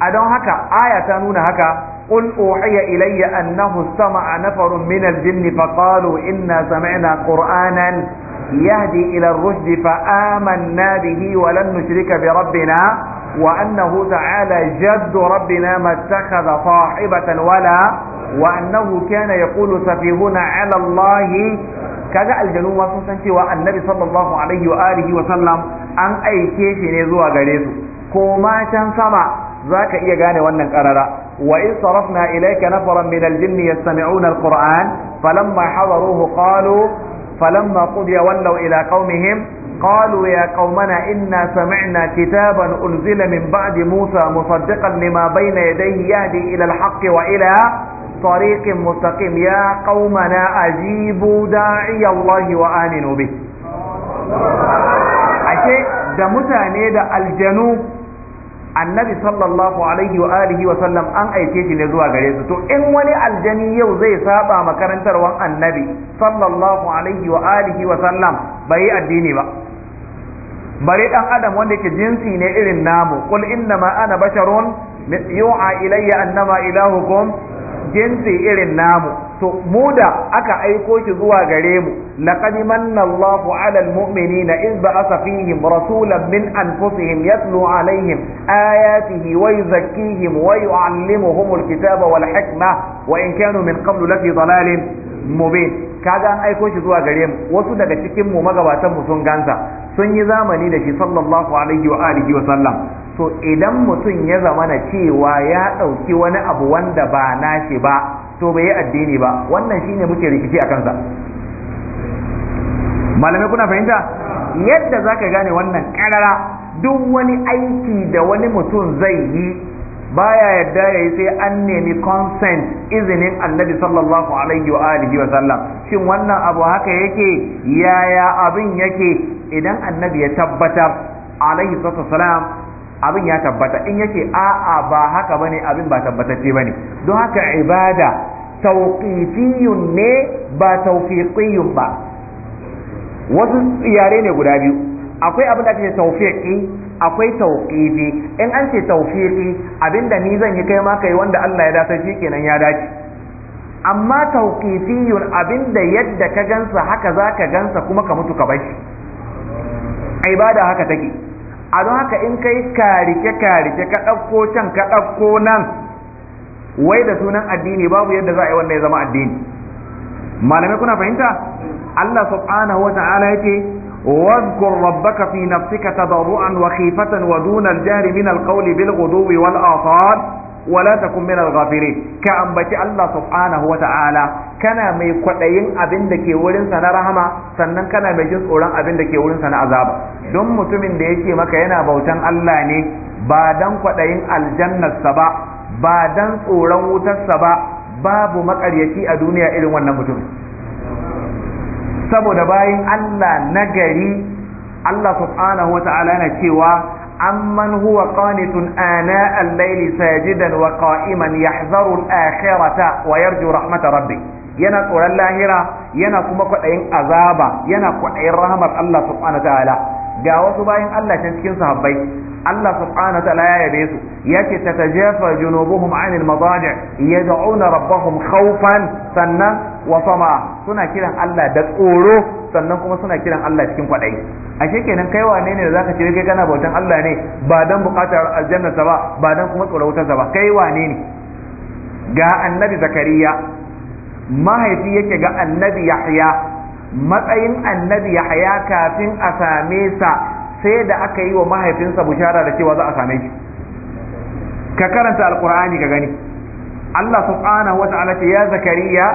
a don haka aya ta nuna haka قل أوحي إلي أنه استمع نفر من الجن فقالوا إنا سمعنا قرآنا يهدي إلى الرشد فآمنا به ولن نشرك بربنا وأنه تعالى جد ربنا ما اتخذ صاحبة ولا وأنه كان يقول سفيهنا على الله kaga aljanu ma sun san cewa annabi sallallahu alaihi wa alihi wa sallam an aike shi ne zuwa gare su ko ma can sama zaka iya gane wannan karara wa in sarafna ilayka nafaran min al-jinn yastami'una al-Qur'an falamma hadaruhu qalu falamma qudiya wallaw ila qaumihim قالوا يا قومنا إنا سمعنا كتابا أنزل من بعد موسى مصدقا لما بين يديه يهدي إلى الحق وإلى طريق مستقيم يا قومنا أجيبوا داعي الله وآمنوا به أشيء ده متاني ده الجنوب annabi sallallahu alaihi wa alihi wa sallam an aike shi ne zuwa gare su to in wani aljani yau zai saba wan annabi sallallahu alaihi wa alihi wa sallam bai addini ba Bari dan adam wanda yake jinsi ne irin namu qul inna ma ana basharun yu'a ilayya annama ilahukum jinsi irin namu to mu da aka aiko shi zuwa gare mu laqad manna Allahu 'alal mu'minina iz ba'atha fihim rasulan min anfusihim yatlu 'alayhim ayatihi wa yuzakkihim wa yu'allimuhum al-kitaba wal hikma wa in kanu min qablu lafi dalalin mubin kaga an aiko shi zuwa gare mu wasu daga cikin mu magabatan mu sun gansa sun yi zamani da shi sallallahu alaihi wa alihi wa sallam to idan mutum ya zamana cewa ya ɗauki wani abu wanda ba nashi ba to bai yi addini ba wannan shine muke rikici a kansa malamai kuna fahimta yadda zaka gane wannan karara duk wani aiki da wani mutum zai yi baya yadda ya yi sai an nemi consent izinin annabi sallallahu alaihi wa alihi wa sallam shin wannan abu haka yake yaya abin yake idan annabi ya tabbatar alaihi sallam abin ya tabbata in yake a'a ba haka bane abin ba tabbatacce bane don haka ibada tauqifiyun ne ba tawfiqiyun ba wasu yare ne guda biyu akwai abin da ake tawfiqi akwai tauqifi in an ce tawfiqi abinda ni zan yi kai ma kai wanda Allah ya dace shi kenan ya dace amma tauqifiyun abinda yadda ka gansa haka zaka gansa kuma ka mutu ka bashi ibada haka take a don haka in kai karike karike ka ɗauko can ka ɗauko nan wai da sunan addini babu yadda za a yi wannan ya zama addini malamai kuna fahimta Allah subhanahu wa ta'ala yake واذكر ربك في نفسك تضرعا وخيفة ودون الجهر من القول بالغدو والآصال ولا تكن من الغافلين كأنبت الله سبحانه وتعالى kana mai kwaɗayin abin da ke wurinsa na rahama sannan kana mai jin tsoron abin da ke wurinsa na azaba don mutumin da yake maka yana bautan Allah ne ba dan kwaɗayin aljannarsa ba ba dan tsoron wutarsa ba babu makaryaci a duniya irin wannan mutumin saboda bayan Allah nagari Allah subhanahu wa ta'ala na cewa عمن هو قانت آناء الليل ساجدا وقائما akhirata wa yarju rahmata ربه yana tsoron lahira yana kuma kwaɗayin azaba yana kwaɗayin rahamar Allah subhanahu ta'ala ga wasu bayan Allah can cikin sahabbai Allah subhanahu ta'ala ya yabe su yace tatajafa junubuhum 'anil madaji' yad'una rabbahum khawfan sannan wa suna kiran Allah da tsoro sannan kuma suna kiran Allah cikin kwaɗayi ashe kenan kai wane ne da zaka ce kai kana bautan Allah ne ba dan buƙatar aljanna ba ba dan kuma tsoron wutarsa ba kai wane ne ga annabi zakariya mahaifi yake ga annabi yahya matsayin annabi yahya kafin a same sa sai da aka yi wa mahaifinsa bushara da cewa za a same shi ka karanta alkur'ani ka gani Allah subhanahu wa ta'ala ce ya zakariya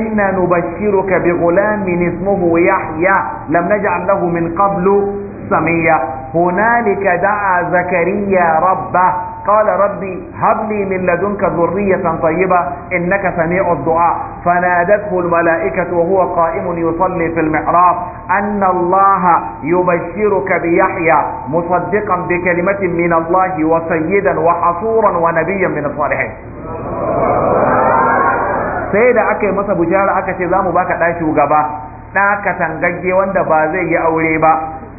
inna nubashshiruka bi ghulamin ismuhu yahya lam naj'al lahu min qablu samiya hunalika da'a zakariya rabba. قال ربي هب لي من لدنك ذرية طيبة إنك سميع الدعاء فنادته الملائكة وهو قائم يصلي في المحراب أن الله يبشرك بيحيى مصدقا بكلمة من الله وسيدا وحصورا ونبيا من الصالحين سيدة أكي aka yi أكي bujara aka لا za mu baka ɗa shugaba ɗa wanda ba zai yi aure ba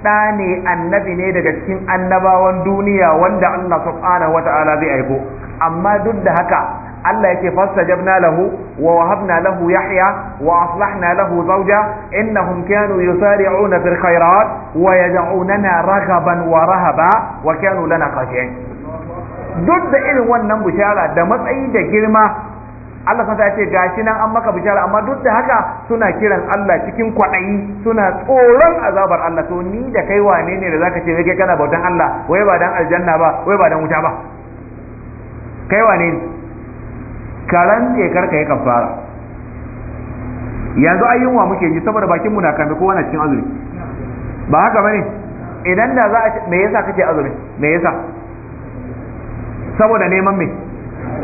ɗa ne annabi ne daga cikin annabawan duniya wanda Allah subhanahu wa ta'ala zai aiko amma duk da haka Allah yake jabna lahu wa wahabna lahu yahya wa aslahna lahu zawja innahum kanu yusari'una fil khairat wa yad'unana raghaban wa rahaba wa kanu lana khashi'in duk da irin wannan bishara da matsayi da girma Allah ya ce gashi nan an maka bishara amma duk da haka suna kiran Allah cikin kwaɗayi suna tsoron azabar Allah to ni da kai wane ne da zaka ce ne kai kana bautan Allah wai ba dan aljanna ba wai ba dan wuta ba kai wane ne karan ne karka yi kafara yanzu wa muke ji saboda bakin mu na kame kowa na cikin azumi ba haka bane idan da za a me yasa kake azumi me yasa saboda neman me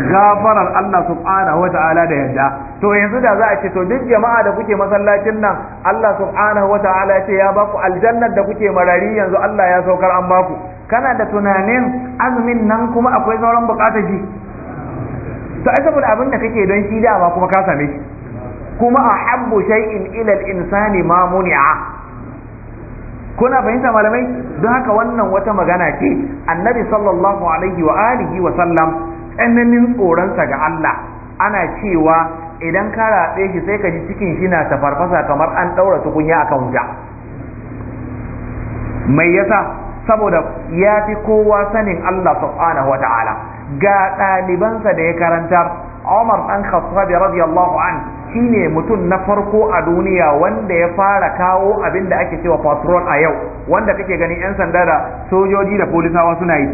gafarar Allah subhanahu wata'ala da yadda to yanzu da za a ce to duk jama'a da kuke masallacin nan Allah subhanahu wata'ala ce ya baku aljannar da kuke marari yanzu Allah ya saukar an baku kana da tunanin azumin nan kuma akwai sauran bukatar shi to ai saboda abin da kake don shi dama kuma ka same shi kuma ahabbu shay'in ila al-insani ma muni'a kuna fahimta malamai don haka wannan wata magana ce annabi sallallahu alaihi wa alihi wa sallam tsananin tsoronsa ga Allah ana cewa idan ka raɓe shi sai ka ji cikin shi na tafarfasa kamar an ɗaura tukunya akan wuta mai yasa saboda ya fi kowa sanin Allah subhanahu wa ta'ala ga ɗalibansa da ya karanta Umar ɗan Khattabi radiyallahu an shine mutum na farko a duniya wanda ya fara kawo abin da ake cewa patrol a yau wanda kake ganin 'yan sanda da sojoji da polisawa suna yi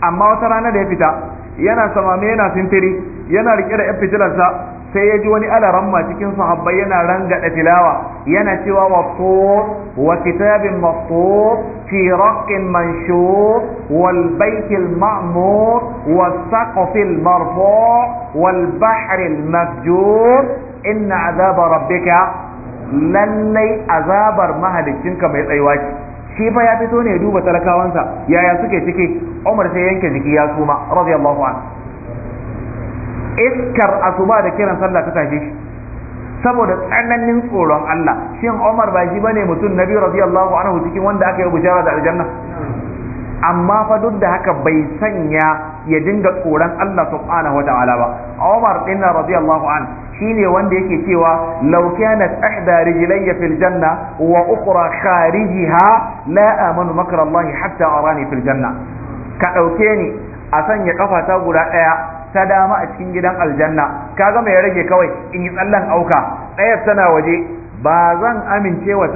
amma wata rana da ya fita yana samame yana sintiri yana rike da yan sai ya ji wani alaramma cikin sahabbai yana ranga da tilawa yana cewa wa wasur wa kitabin mastur fi raqin manshur wal bayt al ma'mur was al marfu' wal bahr al mafjur in azab rabbika lallai azabar mahalikinka mai tsayuwa ce shi fa ya fito ne ya duba talakawansa yaya suke ciki Umar sai yanke jiki ya suma radiyallahu anhu iskar asuba da kiran sallah ta tashi shi saboda tsananin tsoron Allah shin Umar ba shi bane mutum nabi radiyallahu anhu cikin wanda aka yi bujara da aljanna amma fa duk da haka bai sanya ya dinga tsoron Allah subhanahu wa ba Umar din radiyallahu an shine wanda yake cewa law kanat ihda rijlayya fil janna wa ukhra kharijiha la amanu makra Allah hatta arani fil janna ka dauke ni a sanya kafata guda daya ta dama a cikin gidan aljanna kaga mai rage kawai in yi tsallan auka tsayar tana waje ba zan amince wa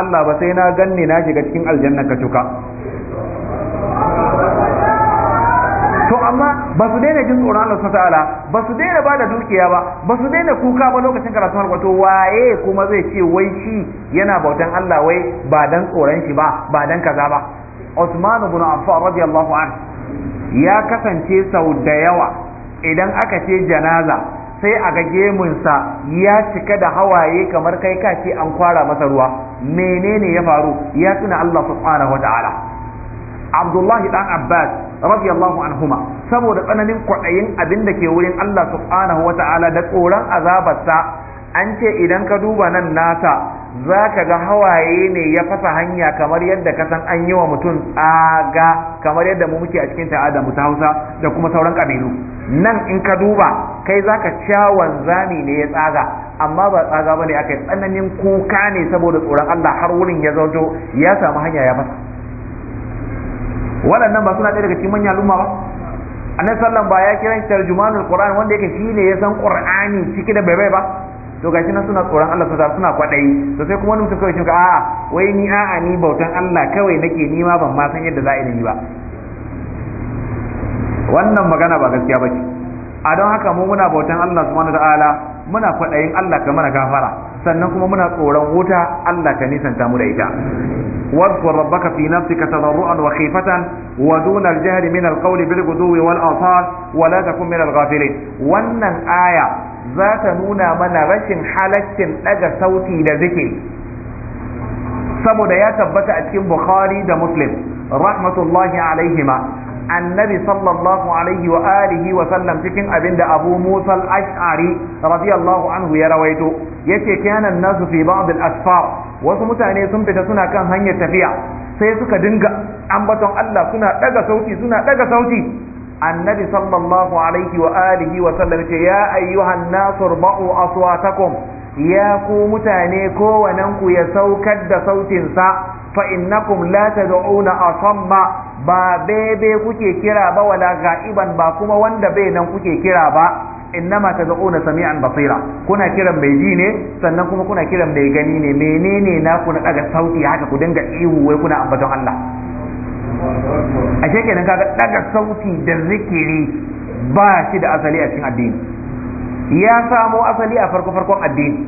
Allah ba sai na ganni na shiga cikin aljanna ka cuka ba su daina jin tsoron Allah subhanahu ta'ala ba su daina ba da dukiya ba ba su daina kuka ba lokacin har wato waye kuma zai ce wai shi yana bautan Allah wai ba dan tsoron shi ba ba dan kaza ba Usman ibn Affan radiyallahu an ya kasance sau da yawa idan aka ce janaza sai a ga gemunsa ya cika da hawaye kamar kai kace an kwara masa ruwa menene ya faru ya tuna Allah subhanahu wa Abdullahi dan Abbas radiyallahu anhuma saboda tsananin kwaɗayin abin da ke wurin Allah subhanahu wa ta'ala da tsoron azabarsa an ce idan ka duba nan nasa za ka ga hawaye ne ya fasa hanya kamar yadda ka san an yi wa mutum tsaga kamar yadda mu muke a cikin ta'ada mu ta Hausa da kuma sauran kabilu nan in ka duba kai za ka sha wanzami ne ya tsaga amma ba tsaga bane a kai, tsananin kuka ne saboda tsoron Allah har wurin ya zauto ya samu hanya ya fasa waɗannan ba suna ɗaya daga cikin manyan al'umma ba annabi sallan ba ya kiran tarjumanul qur'an wanda yake shine ya san qur'ani ciki da bai bai ba to gashi nan suna tsoron Allah suna suna kwadayi to sai kuma wani mutum kawai a a'a wai ni a'a ni bautan Allah kawai nake ni ma ban ma san yadda za a yi ba wannan magana ba gaskiya bace a don haka mu muna bautan Allah subhanahu ta'ala, muna kwadayin Allah ka mana gafara sannan kuma muna tsoron wuta Allah ka nisanta mu da ita واذكر ربك في نفسك تضرعا وخيفة ودون الجهل من القول بالغدو والآصال ولا تكن من الغافلين wannan aya za ta nuna mana rashin halaccin ɗaga sauti da zikiri saboda ya tabbata a cikin bukhari da muslim rahmatullahi alaihima annabi sallallahu alaihi wa alihi wa sallam cikin abinda abu musa al radiyallahu anhu ya rawaito yace kana nasu fi ba'd al-asfar wasu mutane sun fita suna kan hanyar tafiya sai suka dinga ambaton Allah suna daga sauti suna daga sauti annabi sallallahu alaihi wa alihi wa sallam ce ya ayyuhan nasu ba'u aswatakum ya ku mutane kowannen ku ya saukar da sautinsa fa innakum la tad'una asamma ba bebe kuke kira ba wala ga'iban ba kuma wanda bai nan kuke kira ba inna ma tad'una sami'an basira kuna kiran mai ji ne sannan kuma kuna kiran mai gani ne menene na ku daga sauti haka ku dinga ihu wai kuna ambaton Allah ashe kenan kaga daga sauti da zikiri ba shi da asali a cikin addini ya samo asali a farko farkon addini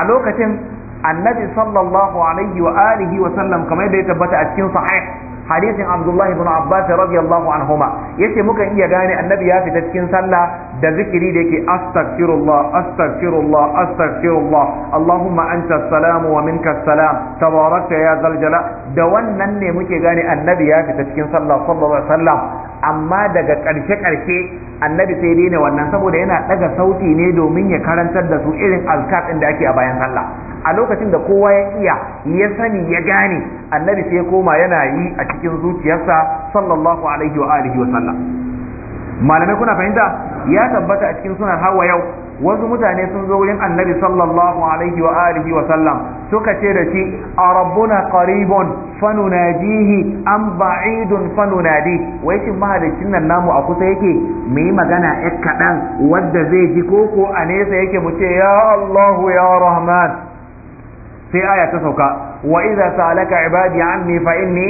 a lokacin annabi sallallahu alaihi wa alihi wa sallam kamar da ya tabbata a cikin sahih hadisin abdullahi ibn abbas radiyallahu anhuma yace mukan iya gane annabi ya fita cikin sallah da zikiri da yake astaghfirullah astaghfirullah astaghfirullah allahumma anta salamu wa minka salam tabarakta ya zaljala da wannan ne muke gane annabi ya fita cikin sallah sallallahu alaihi wasallam amma daga ƙarshe ƙarshe annabi sai daina wannan saboda yana ɗaga sauti ne domin ya karantar da su irin alkaf da ake a bayan sallah a lokacin da kowa ya iya ya sani ya gane annabi sai koma yana yi a cikin zuciyarsa sallallahu alaihi wa alihi wa sallam malamai kuna fahimta ya tabbata a cikin sunan hawa yau wasu mutane sun zo wurin annabi sallallahu alaihi wa alihi wa sallam suka ce da shi a rabbuna qaribun fanunajihi am ba'idun fanunadi wai shin mahalicin nan namu a kusa yake Me yi magana ɗan kaɗan wadda zai ji koko a nesa yake mu ce ya Allahu ya Rahman sai aya ta sauka wa idza sa'alaka ibadi anni fa inni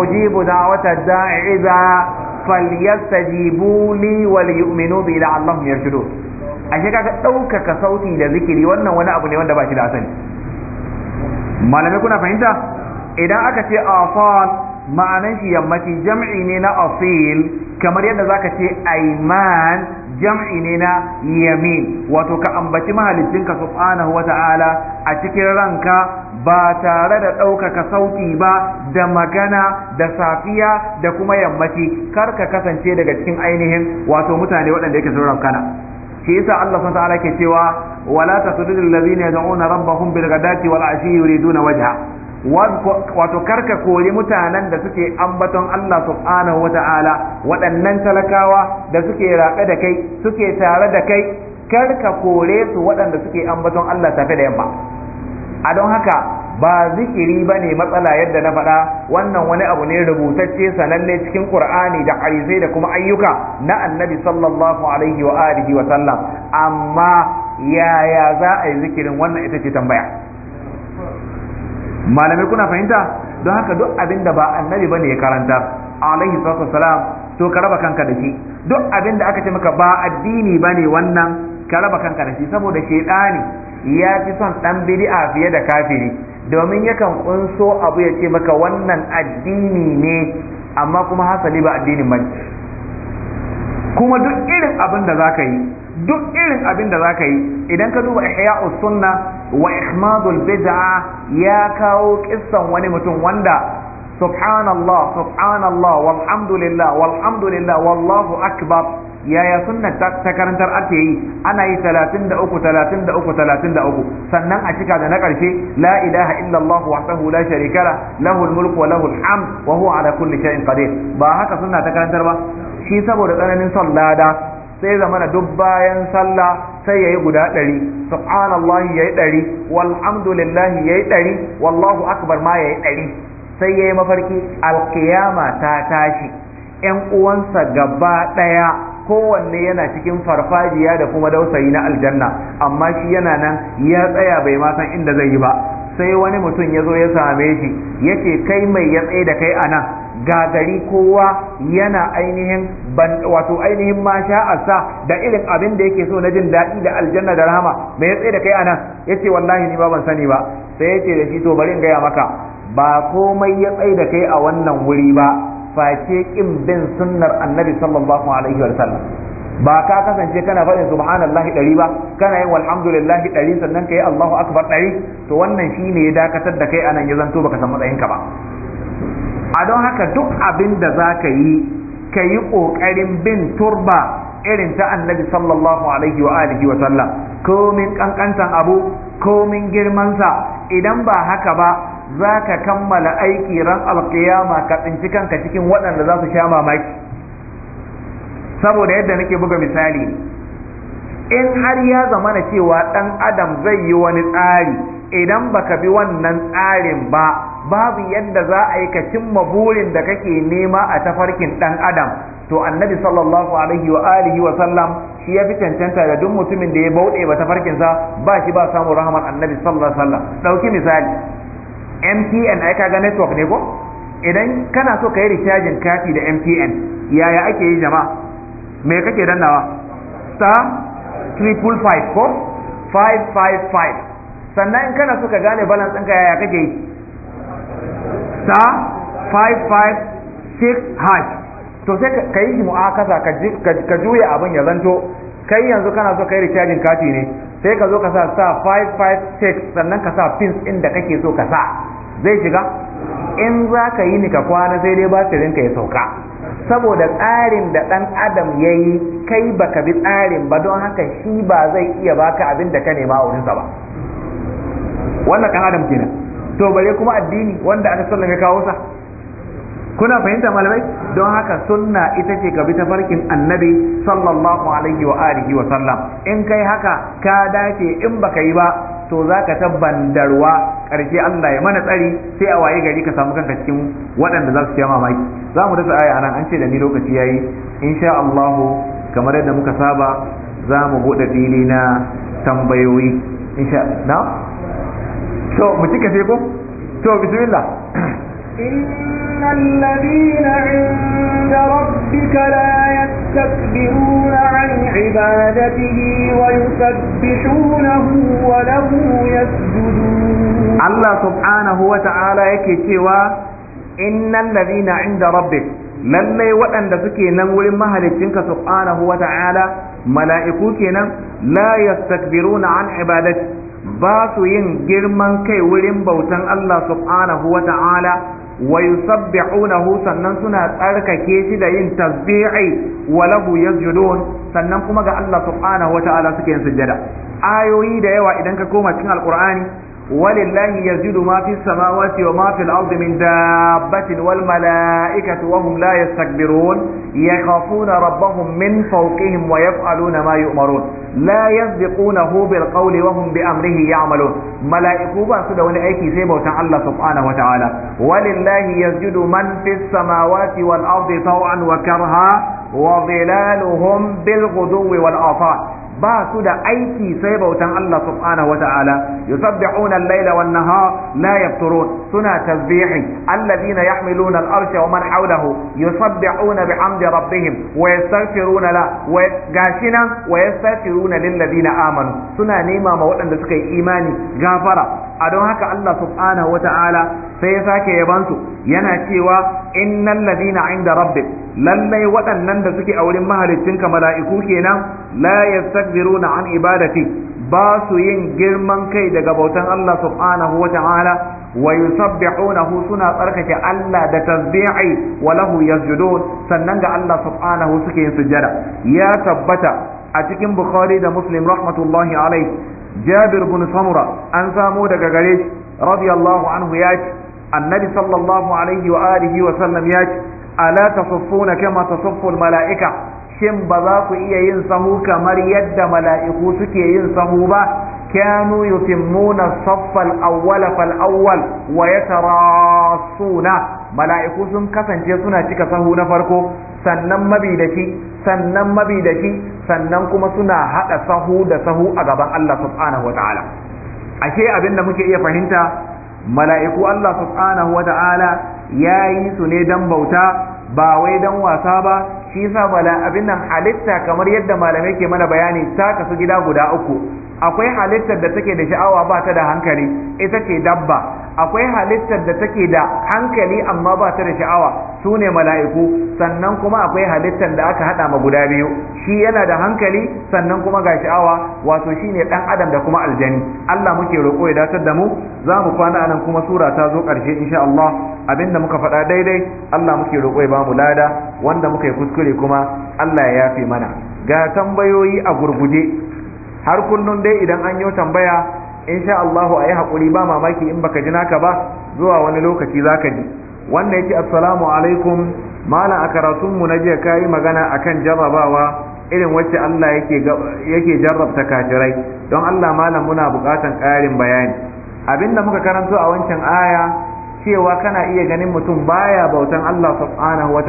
ujibu da'wata da'i idza falyastajibu li wal yu'minu bi la'allahum yarshudun ashe kaga ɗaukaka sauti da zikiri wannan wani abu ne wanda ba shi da asali malamai kuna fahimta idan aka ce afal ma'anan shi yammaci jam'i ne na asil kamar yadda zaka ce ayman jam'i ne na yamin wato ka ambaci mahaliccin subhanahu wa ta'ala a cikin ranka ba tare da ɗaukaka sauti ba da magana da safiya da kuma yammaci kar ka kasance daga cikin ainihin wato mutane waɗanda yake sauran kana shi yasa Allah subhanahu ta'ala ke cewa wala tasudul ladina yad'una rabbahum bil ghadati wal ashi yuriduna wajha wato karka kori mutanen da suke ambaton Allah subhanahu wa ta'ala waɗannan talakawa da suke raɓe da kai suke tare da kai karka kore su waɗanda suke ambaton Allah tafe da yamma a don haka ba zikiri ba ne matsala yadda na faɗa wannan wani abu ne rubutacce sananne cikin qur'ani da Harisai da kuma ayyuka na annabi sallallahu alaihi wa alihi wa sallam amma yaya za a yi zikirin wannan ita ce tambaya malamai kuna fahimta don haka duk abin da ba annabi bane ya karanta alaihi salatu wassalam to ka raba kanka da shi duk abin da aka ce maka ba addini bane wannan ka raba kanka da shi saboda shedani ya fi son dan bid'a fiye da kafiri domin yakan kunso abu ya ce maka wannan addini ne amma kuma hasali ba addinin bane kuma duk irin abin da zaka yi duk irin abin da ka yi idan ka duba ihya'us sunna wa ihmadul bid'a ya kawo kissan wani mutum wanda subhanallah subhanallah walhamdulillah walhamdulillah wallahu akbar yaya sunna ta karantar ake yi ana yi 33 33 33 sannan a cika da na ƙarshe la ilaha illallah wahdahu la sharika la lahul mulku wa lahul hamd wa huwa ala kulli shay'in qadir ba haka sunna ta karantar ba shi saboda tsananin son lada sai zamana duk bayan sallah sai yayi guda ɗari subhanallahi yayi ɗari walhamdulillahi yayi ɗari wallahu akbar ma yayi ɗari sai yayi mafarki alkiyama ta tashi ƴan uwansa gaba ɗaya kowanne yana cikin farfajiya da kuma dausayi na aljanna amma shi yana nan ya tsaya bai ma san inda zai yi ba sai wani mutum ya zo ya same shi yace kai mai ya tsaye da kai a nan gagari kowa yana ainihin wato ainihin ma sha'arsa da irin abin da yake so na jin daɗi da aljanna da rahama me ya tsaye da kai anan yace wallahi ni ba ban sani ba sai yace da shi to bari in gaya maka ba komai ya tsaye da kai a wannan wuri ba face kin bin sunnar annabi sallallahu alaihi wa sallam ba ka kasance kana faɗin subhanallahi ɗari ba kana yin walhamdulillahi ɗari sannan ka yi allahu akbar ɗari to wannan shine ya dakatar da kai anan ya zanto baka san matsayinka ba a don haka duk abin da za ka yi ka yi ƙoƙarin bin turba irin ta annabi sallallahu alaihi wa alihi wa sallam komin ƙanƙantan abu komin girmansa idan ba haka ba za ka kammala aiki ran alƙiyama ka tsinci kanka cikin waɗanda za su sha mamaki saboda yadda nake buga misali in har ya zama na cewa ɗan adam zai yi wani tsari idan baka bi wannan tsarin ba babu yadda za a yi ka cimma burin da kake nema a tafarkin ɗan adam to annabi sallallahu alaihi wa alihi wa sallam shi ya fi cancanta da duk mutumin da ya bauɗe ba tafarkinsa ba shi ba samun rahaman annabi sallallahu alaihi wa sallam ɗauki misali mtn ai kaga network ne ko idan kana so ka yi rishajin kati da mtn yaya ake yi jama'a me kake dannawa star triple five ko five sannan in kana so ka gane balance ɗinka yaya kake yi star five five six hash to sai ka yi mu'akasa ka juya abin ya zanto kai yanzu kana so kai recharging kati ne sai ka zo ka sa star five five six sannan ka sa pins ɗin da kake so ka sa zai shiga in za ka yi ni ka kwana sai dai ka ya sauka saboda tsarin da ɗan adam ya yi kai baka bi tsarin ba don haka shi ba zai iya baka abin da ka nema a wurinsa ba wannan ɗan adam kenan to bare kuma addini wanda aka sallame kawo sa kuna fahimta malamai don haka sunna ita ce ka bi ta farkin annabi sallallahu alaihi wa alihi wa sallam in kai haka ka dace in baka yi ba to za ka ta bandarwa ƙarshe Allah ya mana tsari sai a waye gari ka samu kanka cikin waɗanda za su ce mamaki za mu dasa aya an ce da ni lokaci yayi insha Allah kamar yadda muka saba za mu buɗe fili na tambayoyi insha Allah to mu cika sai ko to bismillah innallazina inda rabbika la yastakbiruna an ibadatihi wa yusabbihunahu wa lahu yasjudun Allah subhanahu wa ta'ala yake cewa innallazina inda rabbik lallai waɗanda suke nan wurin mahaliccinka subhanahu wa ta'ala mala'iku kenan la na an ibadatihi ba su yin girman kai wurin bautan Allah subhanahu wa ta'ala wa yusabbihunahu sannan suna tsarkake shi da yin tasbihi wa lahu sannan kuma ga Allah subhanahu wa ta'ala suke yin sujada. ayoyi da yawa idan ka koma cikin alqur'ani ولله يزيد ما في السماوات وما في الأرض من دابة والملائكة وهم لا يستكبرون يخافون ربهم من فوقهم ويفعلون ما يؤمرون لا يسبقونه بالقول وهم بأمره يعملون ملائكة باسد ولأيكي سيبو تعالى سبحانه وتعالى ولله يزيد من في السماوات والأرض طوعا وكرها وظلالهم بالغدو والآصال ba su da aiki sai bautan Allah subhanahu wata'ala yusabbihuna al-laila wan nahar la yafturun suna tasbihi alladhina yahmiluna al-arsha wa man hawlahu yusabbihuna bihamdi rabbihim wa yastaghfiruna la wa wa yastaghfiruna amanu suna nema ma waɗanda suka yi imani gafara a don haka Allah subhanahu wata'ala sai ya sake yabansu yana cewa innal ladina inda rabbik lallai waɗannan da suke a wurin ka mala'iku kenan la yastakbiruna an ibadati ba su yin girman kai daga bautan Allah subhanahu wa ta'ala wa yusabbihunahu suna tsarkake Allah da tasbihi wa lahu yasjudun sannan ga Allah subhanahu suke yin sujjada ya tabbata a cikin Bukhari da Muslim rahmatullahi alaihi Jabir bin Samura an samo daga gare shi radiyallahu anhu ya ce annabi sallallahu alaihi wa alihi wa sallam ya ce ala tasuffuna kama tasuffu malaika shin ba za ku iya yin sahu kamar yadda mala'iku suke yin sahu ba kanu yutimmuna saffal awwala fal awwal wa yatarasuna mala'iku sun kasance suna cika sahu na farko sannan mabi da shi sannan mabi da shi sannan kuma suna hada sahu da sahu a gaban Allah subhanahu wa ta'ala ashe abin da muke iya fahimta mala'iku Allah subhanahu wa ta'ala ya yi su ne dan bauta ba wai don wasa ba shi sa bala abin nan halitta kamar yadda malamai ke mana bayani ta kasu gida guda uku akwai halittar da take da sha'awa ba ta da hankali ita ce dabba akwai halittar da take da hankali amma ba ta da sha'awa sune ne mala'iku sannan kuma akwai halittar da aka haɗa ma guda biyu shi yana da hankali sannan kuma ga sha'awa wato shi ne ɗan adam da kuma aljani Allah muke roƙo ya datar da mu za mu kwana nan kuma sura ta zo ƙarshe insha Allah abinda muka faɗa daidai Allah muke roƙo ya ba mu lada wanda muka yi kuskure kuma Allah ya yafe mana ga tambayoyi a gurguje har kullum dai idan an yi tambaya insha Allah a yi haƙuri ba mamaki in baka ji naka ba zuwa wani lokaci zaka ji wannan yake assalamu alaikum malam a karatunmu na jiya kayi magana a kan jarrabawa irin wacce Allah yake yake jarrabta kafirai don Allah malam muna buƙatan ƙarin bayani abinda muka karanto a wancan aya cewa kana iya ganin mutum baya bautan Allah subhanahu wa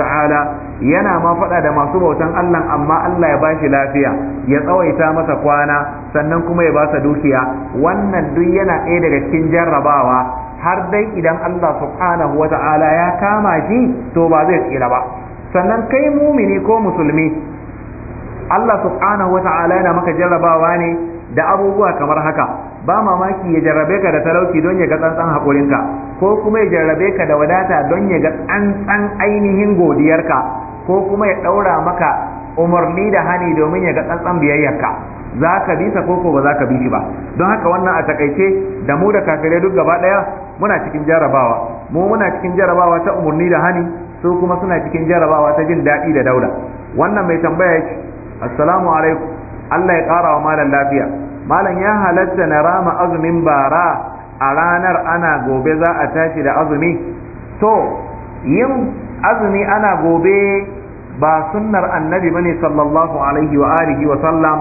yana ma faɗa da masu bautan Allah amma Allah ya bashi lafiya ya tsawaita masa kwana sannan kuma ya basa dukiya wannan duk yana ɗaya daga cikin jarrabawa har dai idan Allah subhanahu wa ya kama shi to ba zai tsira ba sannan kai mumini ko musulmi Allah subhanahu wa ta'ala yana maka jarrabawa ne da abubuwa kamar haka ba mamaki ya jarrabe ka da talauci don ya ga tsantsan haƙurinka ko kuma ya jarrabe ka da wadata don ya ga tsantsan ainihin godiyarka ko kuma ya ɗaura maka umarni da hani domin ya ga tsantsan biyayyarka za ka bi sa koko ba za ka bi shi ba don haka wannan a takaice da mu da kafirai duk gaba ɗaya muna cikin jarabawa mu muna cikin jarabawa ta umarni da hani su kuma suna cikin jarabawa ta jin daɗi da daura wannan mai tambaya ya ce assalamu alaikum Allah ya ƙara wa malam lafiya malam ya halatta na rama azumin bara a ranar ana gobe za a tashi da azumi to yin azumi ana gobe ba sunnar annabi bane sallallahu alaihi wa alihi wa sallam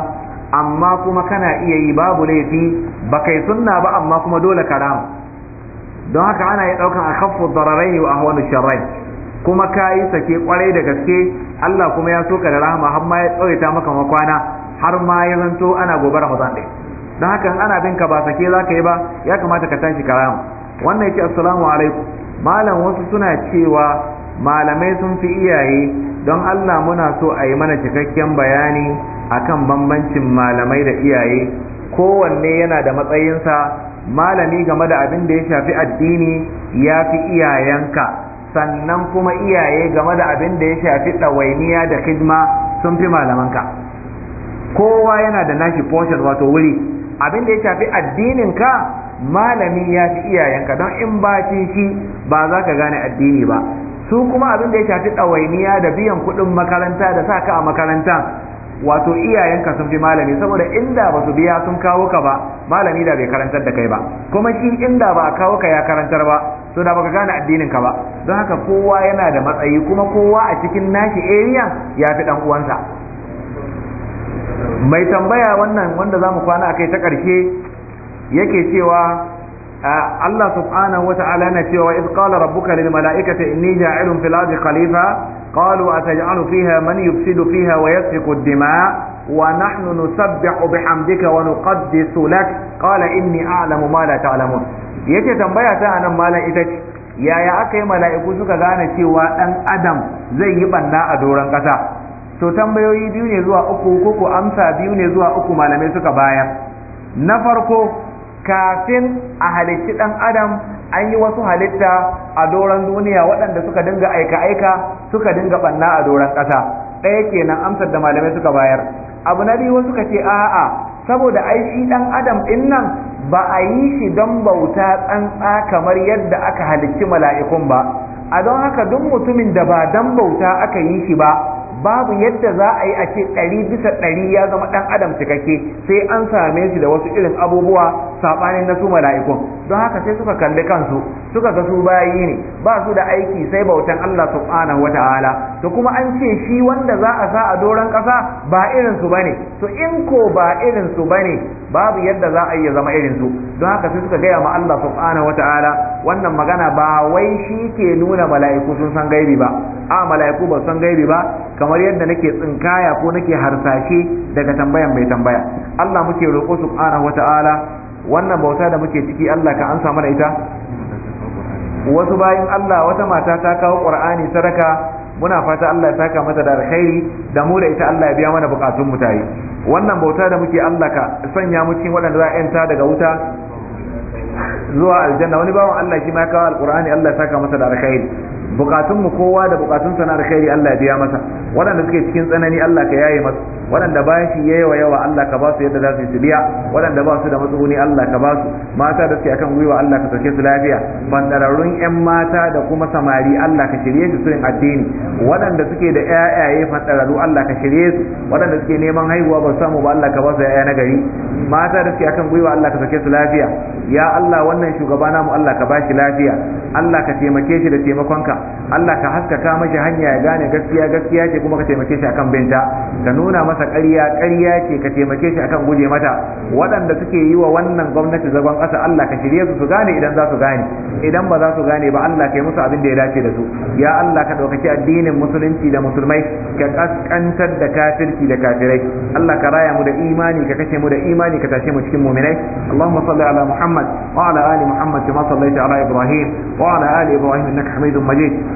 amma kuma kana iya yi babu laifi ba kai sunna ba amma kuma dole ka rama don haka ana yi daukan akhaffu dararai wa ahwanu sharrai kuma kayi sake kwarai da gaske Allah kuma ya soka da rahama har ma ya tsawaita maka makwana har ma ya zanto ana gobe Ramadan din don haka ana bin ka ba sake za ka yi ba ya kamata ka tashi karama wannan yake assalamu alaikum malam wasu suna cewa malamai sun fi iyaye don allah muna so a yi mana cikakken bayani akan bambancin malamai da iyaye kowanne yana da matsayinsa malami game da abin da ya shafi addini ya fi iyayenka sannan kuma iyaye game da abin da ya shafi ɗawainiya da hidima sun fi malamanka kowa yana da nashi portion wato wuri abin da ya shafi addinin ka malami ya fi iyayenka don in ba shi ba za ka gane addini ba su kuma abin da ya shafi ɗawainiya da biyan kuɗin makaranta da sa ka a makaranta wato iyayenka sun fi malami saboda inda ba su biya sun kawo ka ba malami da bai karantar da kai ba kuma shi inda ba a kawo ka ya karantar ba to da baka gane addinin ka ba don haka kowa yana da matsayi kuma kowa a cikin nashi area ya fi dan uwansa mai tambaya wannan wanda za mu kwana akai ta ƙarshe yake cewa Allah subhanahu wa ta'ala yana cewa idh qala rabbuka lil mala'ikati inni ja'ilun fil ardi khalifa qalu ataj'alu fiha man yufsidu fiha wa yasfiku ad-dima' ونحن نسبح wa ونقدس لك قال a alamu ما لا تعلمون yake tambaya ta anan malam ita yaya aka yi mala'iku suka gane cewa ɗan adam zai yi banna a doron ƙasa to tambayoyi biyu ne zuwa uku ko ko amsa biyu ne zuwa uku malamai suka bayar na farko kafin a halicci dan adam an yi wasu halitta a doron duniya waɗanda suka dinga aika-aika suka dinga banna a doron ƙasa ɗaya kenan amsar da malamai suka bayar abu na biyu suka ce a'a saboda ai shi dan adam din nan ba a yi shi don bauta tsantsa kamar yadda aka halicci mala'ikun ba a don haka duk mutumin da ba don bauta aka yi shi ba babu yadda za a yi a ce ɗari bisa ɗari ya zama ɗan adam cikakke sai an same shi da wasu irin abubuwa sabanin na su mala'ikun don haka sai suka kalli kansu suka ga su bayi ne ba su da aiki sai bautan Allah subhanahu wataala to kuma an ce shi wanda za a sa a doron kasa ba irin su bane to in ko ba irin su bane babu yadda za a yi zama irin su don haka sai suka gaya ma Allah subhanahu wataala wannan magana ba wai shi ke nuna mala'iku sun san gaibi ba a mala'iku ba san gaibi ba kamar yadda nake tsinkaya ko nake harsashe daga tambayan mai tambaya Allah muke roƙo subhanahu wataala wannan bauta da muke ciki Allah ka ansa mana ita wasu bayan Allah wata mata ta kawo Qur'ani sadaka muna fata Allah ya saka mata da alkhairi da mu da ita Allah ya biya mana bukatun mu tayi wannan bauta da muke Allah ka sanya mu cikin waɗanda za a yanta daga wuta zuwa aljanna wani bawan Allah shi ma ya kawo alqur'ani Allah ya saka masa da alkhairi bukatun mu kowa da bukatun sa na alkhairi Allah ya biya masa waɗanda suke cikin tsanani Allah ka yaye masa waɗanda bashi ya yawa yawa Allah ka ba su yadda za su yi biya waɗanda ba su da matsuguni Allah ka ba su mata da suke akan gwiwa Allah ka sauke su lafiya bandararrun 'yan mata da kuma samari Allah ka shirye su suyin addini waɗanda suke da ƴaƴaye fadararru Allah ka shirye su waɗanda suke neman haihuwa ba samu ba Allah ka ba su ƴaƴa na gari mata da suke akan gwiwa Allah ka sauke su lafiya ya Allah wannan shugaba namu Allah ka ba shi lafiya Allah ka taimake shi da taimakonka Allah ka haskaka mashi hanya ya gane gaskiya gaskiya ce kuma ka taimake shi akan binta ka nuna masa ƙarya ƙarya ce ka taimake shi akan guje mata waɗanda suke yi wa wannan gwamnati zagon ƙasa Allah ka shirye su su gane idan za su gane idan ba za su gane ba Allah ka yi musu abin da ya dace da su ya Allah ka ɗaukaki addinin musulunci da musulmai ka ƙasƙantar da kafirci da kafirai Allah ka raya mu da imani ka kashe mu da imani ka tashe mu cikin muminai Allahumma salli ala Muhammad wa ali Muhammad kama sallaita ala Ibrahim wa ala ali Ibrahim innaka